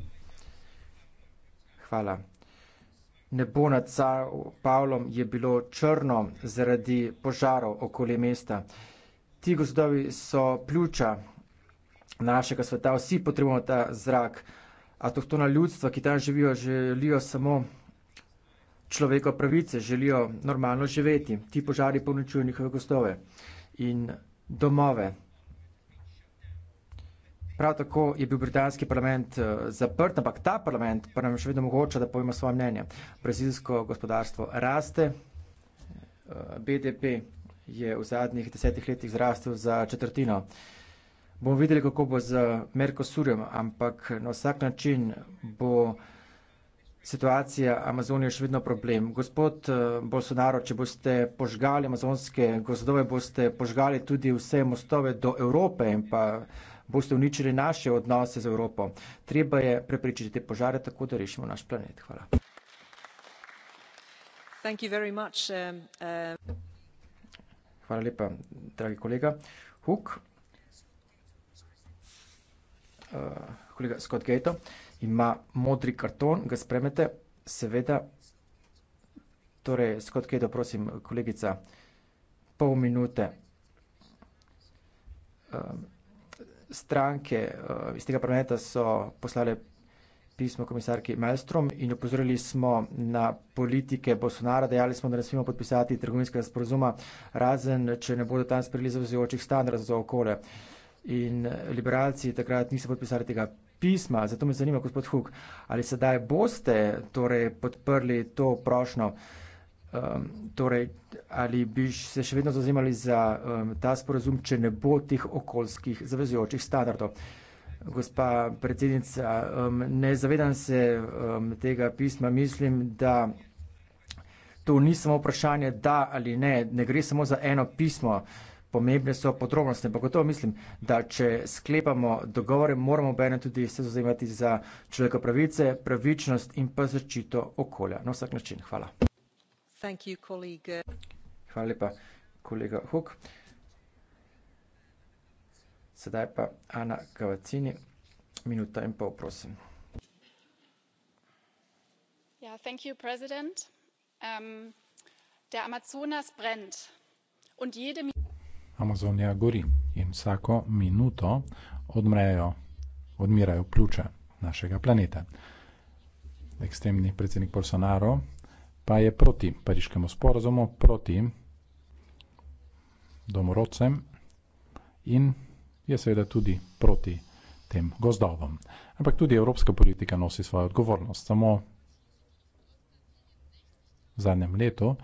Hvala. Nebo nad Pavlom je bilo črno zaradi požarov okoli mesta. Ti gozdovi so pljuča našega sveta, vsi potrebujemo ta zrak. Avtohtona ljudstva, ki tam živijo, želijo samo človeka pravice, želijo normalno živeti. Ti požari ponučujo njihove gostove in domove. Prav tako je bil britanski parlament eh, zaprt, ampak ta parlament pa nam še vedno mogoče, da povemo svoje mnenje. Brazilsko gospodarstvo raste, eh, BDP je v zadnjih desetih letih zrastel za četrtino. Bomo videli, kako bo z Mercosurjem, ampak na vsak način bo situacija Amazonije še vedno problem. Gospod eh, Bolsonaro, če boste požgali amazonske gozdove, boste požgali tudi vse mostove do Evrope in pa boste uničili naše odnose z Evropo. Treba je preprečiti te požare tako, da rešimo naš planet. Hvala. Um, uh, Hvala lepa, dragi kolega. Huk. Uh, kolega Scott Gato ima modri karton, ga sprejmete, seveda. Torej, Scott Gato, prosim, kolegica, pol minute. Um, stranke eh, iz tega parlamenta so poslale pismo komisarki Malmström in upozorili smo na politike Bolsonara, dejali smo, da ne smemo podpisati trgovinskega sporozuma, razen če ne bodo tam sprejeli zavzujočih standardov za okolje. In liberalci takrat niso podpisali tega pisma, zato me zanima, gospod Huk, ali sedaj boste torej podprli to prošnjo? Um, torej, ali bi se še vedno zauzemali za um, ta sporozum, če ne bo teh okoljskih zavezujočih standardov? Gospa predsednica, um, ne zavedam se um, tega pisma, mislim, da to ni samo vprašanje da ali ne, ne gre samo za eno pismo, pomembne so podrobnosti, ampak gotovo mislim, da če sklepamo dogovore, moramo bene tudi se zauzemati za človekove pravice, pravičnost in pa zaščito okolja na vsak način. Hvala. Thank you, colleague. Hvala lepa, kolega Hook. Sedaj pa Ana Cavazzini, minuta in pol, prosim. Ja, thank you, president. Um, der Amazonas brennt. Und jede Amazonija gori in vsako minuto odmrejo, odmirajo pljuča našega planeta. Ekstremni predsednik Bolsonaro pa je proti pariškemu sporazumu, proti domorodcem in je seveda tudi proti tem gozdovom. Ampak tudi evropska politika nosi svojo odgovornost. Samo v zadnjem letu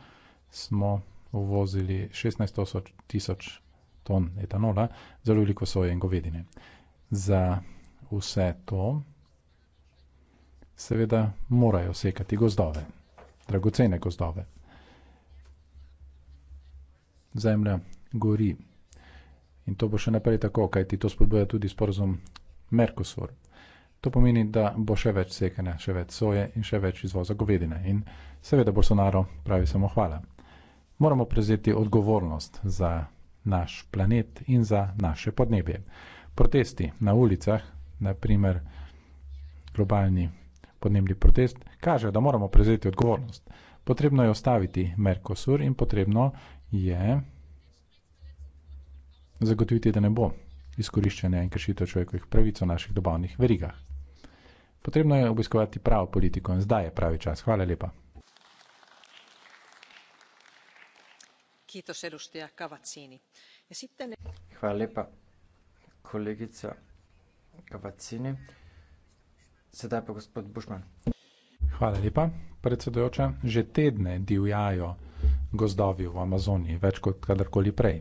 smo uvozili 16 tisoč ton etanola, zelo veliko soje in govedine. Za vse to seveda morajo sekati gozdove dragocene gozdove. Zemlja gori in to bo še naprej tako, kaj ti to spodbuja tudi sporozum Merkosur. To pomeni, da bo še več sekanja, še več soje in še več izvoza govedine. In seveda Bolsonaro pravi samo hvala. Moramo prezeti odgovornost za naš planet in za naše podnebje. Protesti na ulicah, na primer globalni podnebni protest, kažejo, da moramo prevzeti odgovornost. Potrebno je ostaviti Merkosur in potrebno je zagotoviti, da ne bo izkoriščanja in kršitev človekovih pravic v naših dobavnih verigah. Potrebno je obiskovati pravo politiko in zdaj je pravi čas. Hvala lepa. Ja Hvala lepa, kolegica Kavacini. Sedaj pa gospod Bušman. Hvala lepa, predsedujoča. Že tedne divjajo gozdovi v Amazoniji, več kot kadarkoli prej.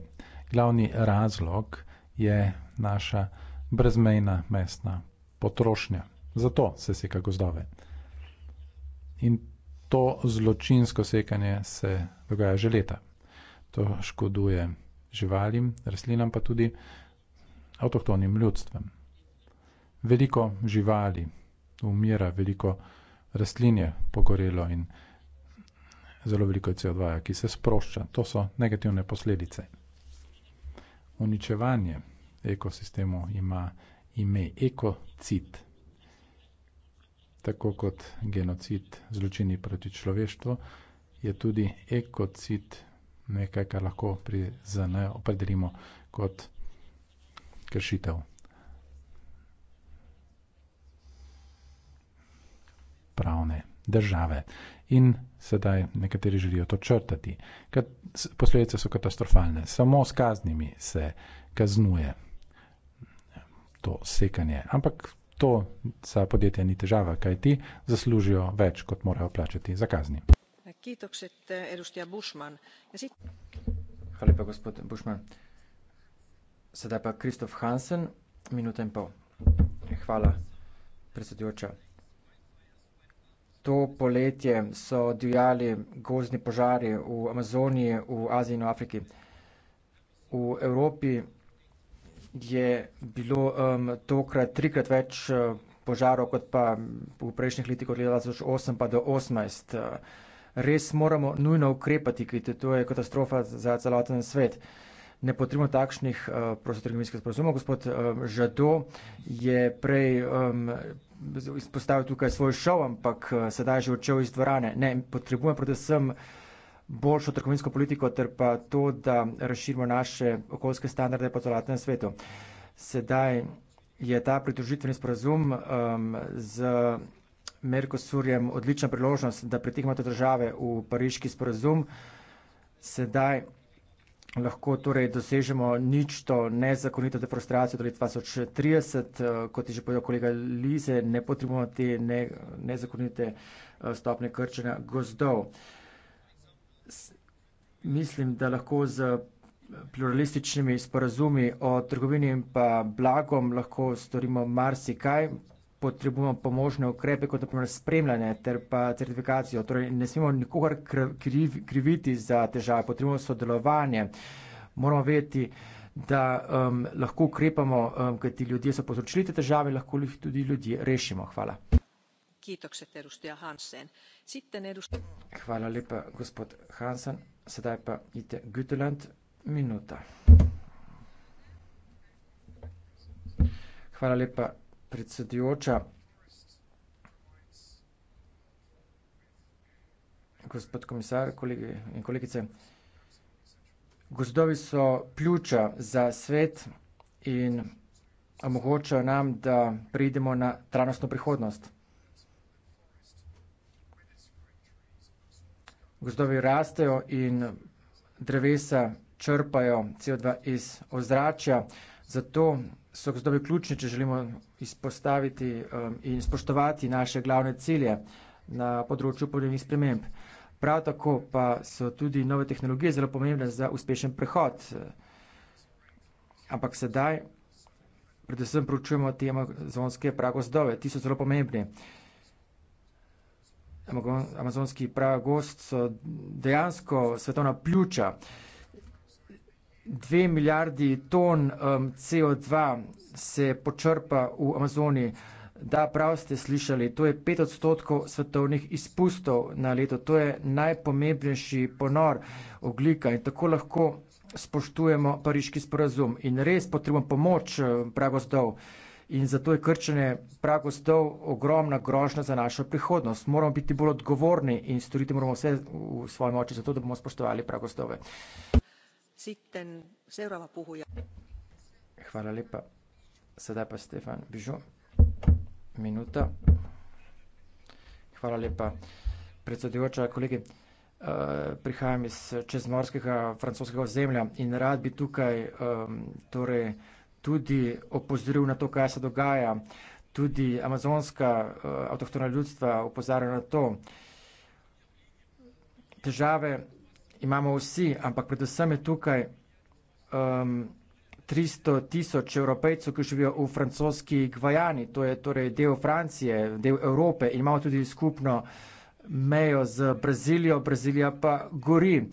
Glavni razlog je naša brezmejna mestna potrošnja. Zato se seka gozdove. In to zločinsko sekanje se dogaja že leta. To škoduje živalim, rastlinam pa tudi avtohtonim ljudstvem. Veliko živali, umira, veliko rastlin je pogorelo in zelo veliko CO2, ki se sprošča. To so negativne posledice. Uničevanje ekosistemu ima ime ekocit, tako kot genocid, zločini proti človeštvu, je tudi ekocit nekaj, kar lahko pri ZN opredelimo kot kršitev pravne države. In sedaj nekateri želijo to črtati. Posledice so katastrofalne. Samo s kaznimi se kaznuje to sekanje. Ampak to za podjetje ni težava, kaj ti zaslužijo več, kot morajo plačati za kazni. Ja Hvala lepa, gospod Bušman. Sedaj pa Kristof Hansen, minuta in pol. Hvala, predsedujoča. To poletje so divjali gozdni požari v Amazoniji, v Aziji in v Afriki. V Evropi je bilo um, tokrat trikrat več uh, požarov, kot pa v prejšnjih letih od 2008 pa do 2018. Uh, res moramo nujno ukrepati, ker to je katastrofa za celoten svet. Uh, ne potrebno takšnih uh, prostotrgovinskih sporozumov. Gospod um, eh, Žado je prej um, izpostavil tukaj svoj šov, ampak uh, sedaj že odšel iz dvorane. Ne, potrebujemo predvsem boljšo trgovinsko politiko, ter pa to, da razširimo naše okoljske standarde po celotnem svetu. Sedaj je ta pritožitveni sporozum um, z Merkosurjem odlična priložnost, da pritihnemo te države v pariški sporozum. Sedaj lahko torej dosežemo nič to nezakonito defrustracijo torej do leta 2030, eh, kot je že povedal kolega Lize, ne potrebujemo te ne, nezakonite eh, stopne krčenja gozdov. Mislim, da lahko z eh, pluralističnimi sporazumi o trgovini in pa blagom lahko storimo marsikaj, potrebujemo pomožne ukrepe, kot naprimer spremljanje ter pa certifikacijo. Torej, ne smemo nikogar kriv, kriviti za težave, potrebujemo sodelovanje. Moramo vedeti, da um, lahko ukrepamo, um, kaj ti ljudje so povzročili te težave, lahko jih tudi ljudje rešimo. Hvala. Hvala lepa, gospod Hansen. Sedaj pa idite Güteland, minuta. Hvala lepa, predsedujoča. Gospod komisar, kolegi in kolegice, gozdovi so pljuča za svet in omogočajo nam, da pridemo na trajnostno prihodnost. Gozdovi rastejo in drevesa črpajo CO2 iz ozračja, zato so gozdovi ključni, če želimo izpostaviti um, in spoštovati naše glavne cilje na področju podnebnih sprememb. Prav tako pa so tudi nove tehnologije zelo pomembne za uspešen prehod. Ampak sedaj predvsem pročujemo temo zvonske pragozdove. Ti so zelo pomembni. Amazonski pragost so dejansko svetovna pljuča dve milijardi ton um, CO2 se počrpa v Amazoniji. Da, prav ste slišali, to je pet odstotkov svetovnih izpustov na leto. To je najpomembnejši ponor oglika in tako lahko spoštujemo pariški sporazum. In res potrebujemo pomoč uh, pragozdov. In zato je krčenje pragozdov ogromna grožnja za našo prihodnost. Moramo biti bolj odgovorni in storiti moramo vse v svoji moči, zato da bomo spoštovali pragozdove. Hvala lepa. Sedaj pa Stefan Bižon, minuta. Hvala lepa, predsedujoča, kolegi. Eh, prihajam iz čezmorskega francoskega ozemlja in rad bi tukaj torej tudi opozoril na to, kaj se dogaja. Tudi amazonska eh, avtohtona ljudstva opozarjajo na to. Težave imamo vsi, ampak predvsem je tukaj um, 300 tisoč evropejcev, ki živijo v francoski Gvajani, to je torej del Francije, del Evrope in imamo tudi skupno mejo z Brazilijo, Brazilija pa gori.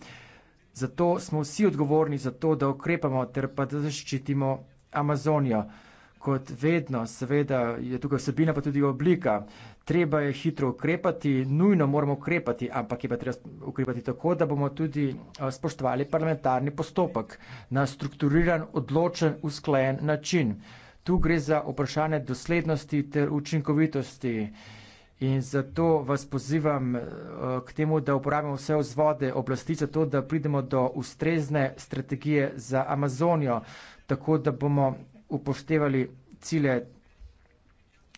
Zato smo vsi odgovorni za to, da ukrepamo ter pa da zaščitimo Amazonijo. Kot vedno, seveda je tukaj vsebina, pa tudi oblika treba je hitro ukrepati, nujno moramo ukrepati, ampak je pa treba ukrepati tako, da bomo tudi spoštovali parlamentarni postopek na strukturiran, odločen, usklajen način. Tu gre za vprašanje doslednosti ter učinkovitosti. In zato vas pozivam k temu, da uporabimo vse vzvode oblasti za to, da pridemo do ustrezne strategije za Amazonijo, tako da bomo upoštevali cilje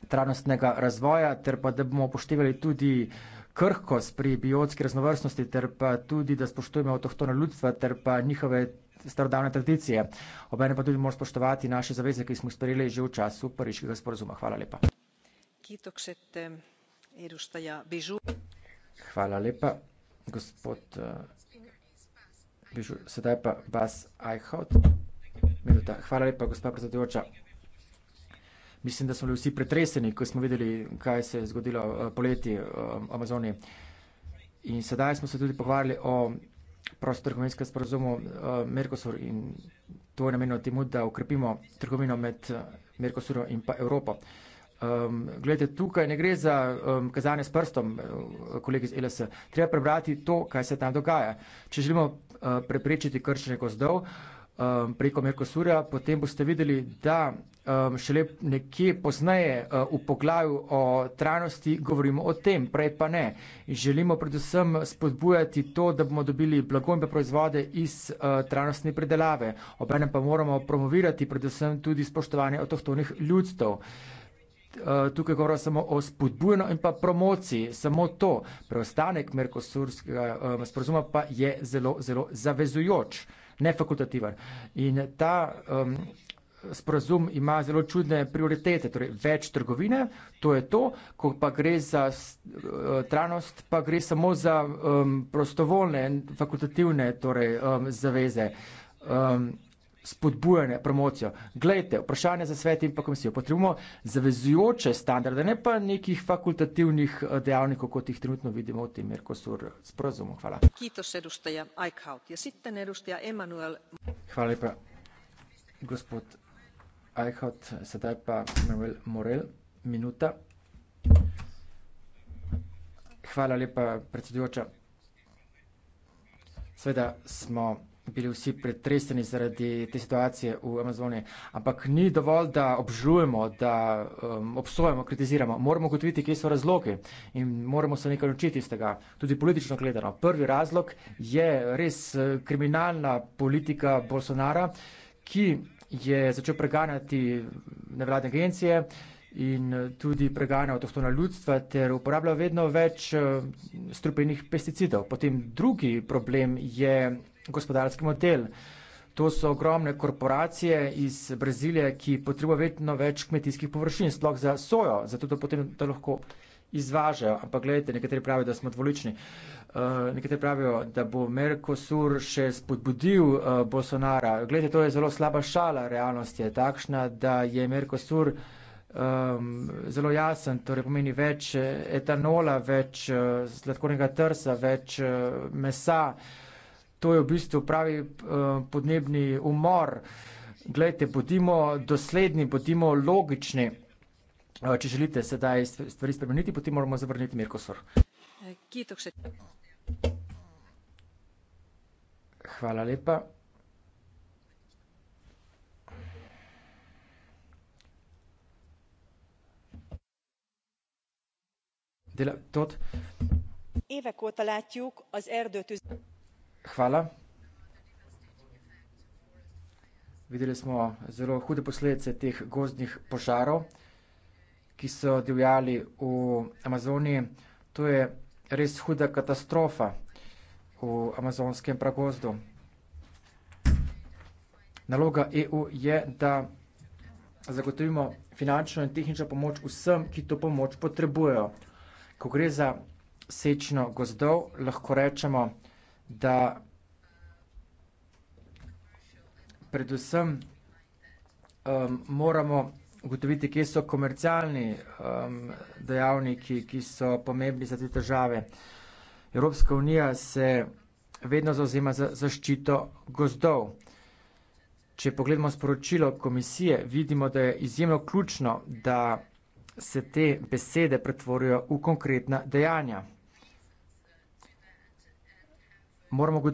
trajnostnega razvoja, ter pa da bomo upoštevali tudi krhkost pri biotski raznovrstnosti, ter pa tudi, da spoštujemo avtohtona ljudstva ter pa njihove starodavne tradicije. Obenem pa tudi moramo spoštovati naše zaveze, ki smo jih sprejeli že v času pariškega sporazuma. Hvala lepa. Eh, Hvala lepa, gospod eh, Bižu. Sedaj pa Bas Eichout. Minuta. Hvala lepa, gospa predsedujoča. Mislim, da smo bili vsi pretreseni, ko smo videli, kaj se je zgodilo eh, poleti eh, v Amazoniji. In sedaj smo se tudi pogovarjali o prostotrgovinskem sporozumu eh, Merkosur in to je namenjeno temu, da ukrepimo trgovino med Merkosurom in pa Evropo. Um, ehm, Glede, tukaj ne gre za um, kazanje s prstom, kolegi iz LS. Treba prebrati to, kaj se tam dogaja. Če želimo uh, preprečiti krčenje gozdov, uh, Um, preko Merkosurja, potem boste videli, da um, šele nekje poznaje uh, v poglavju o trajnosti govorimo o tem, prej pa ne. Želimo predvsem spodbujati to, da bomo dobili blago in pa proizvode iz uh, trajnostne predelave. Obenem pa moramo promovirati predvsem tudi spoštovanje otohtovnih ljudstv. Uh, tukaj govorimo samo o spodbujeno in pa promociji, samo to. Preostanek Merkosurskega um, sporozuma pa je zelo, zelo zavezujoč ne fakultativen. In ta um, sporazum ima zelo čudne prioritete, torej več trgovine, to je to, ko pa gre za uh, trajnost, pa gre samo za um, prostovoljne, fakultativne torej, um, zaveze. Um, spodbujanje, promocijo. Glejte, vprašanje za svet in pa komisijo. Potrebujemo zavezujoče standarde, ne pa nekih fakultativnih eh, dejavnikov, kot jih trenutno vidimo v tem Mercosur sporazumu. Hvala. Ja Hvala lepa, gospod Eichhout. Sedaj pa Manuel Morel, minuta. Hvala lepa, predsedujoča. Sveda smo bili vsi pretreseni zaradi te situacije v Amazoniji. Ampak ni dovolj, da obžujemo, da um, obsojamo, kritiziramo. Moramo ugotoviti, kje so razloge in moramo se nekaj učiti iz tega, tudi politično gledano. Prvi razlog je res eh, kriminalna politika Bolsonara, ki je začel preganjati nevladne agencije in eh, tudi preganja avtohtona ljudstva ter uporablja vedno več eh, strupenih pesticidov. Potem drugi problem je gospodarski model. To so ogromne korporacije iz Brazilije, ki potrebujejo vedno več kmetijskih površin, sploh za sojo, zato da potem to lahko izvažajo. Ampak gledajte, nekateri pravijo, da smo dvolični. Uh, nekateri pravijo, da bo Merkosur še spodbudil uh, Bolsonara. Glede, to je zelo slaba šala, realnost je takšna, da je Merkosur um, ehm, zelo jasen, torej pomeni več eh, etanola, več uh, sladkornega trsa, več uh, mesa. Uh, To je v bistvu pravi eh, podnebni umor. Glejte, bodimo dosledni, bodimo logični. Eh, če želite sedaj stvari spremeniti, potem moramo zavrniti Mirkosur. Hvala lepa. Dela, tot. Évek óta látjuk az erdőtűz... Hvala. Videli smo zelo hude posledice teh gozdnih požarov, ki so divjali v Amazoniji. To je res huda katastrofa v amazonskem pragozdu. Naloga EU je, da zagotovimo finančno in tehnično pomoč vsem, ki to pomoč potrebujejo. Ko gre za sečno gozdov, lahko rečemo, da je to, da predvsem um, moramo ugotoviti, kje so komercialni um, dejavniki, ki so pomembni za te države. Evropska unija se vedno zauzema za zaščito gozdov. Če pogledamo sporočilo komisije, vidimo, da je izjemno ključno, da se te besede pretvorijo v konkretna dejanja moramo kot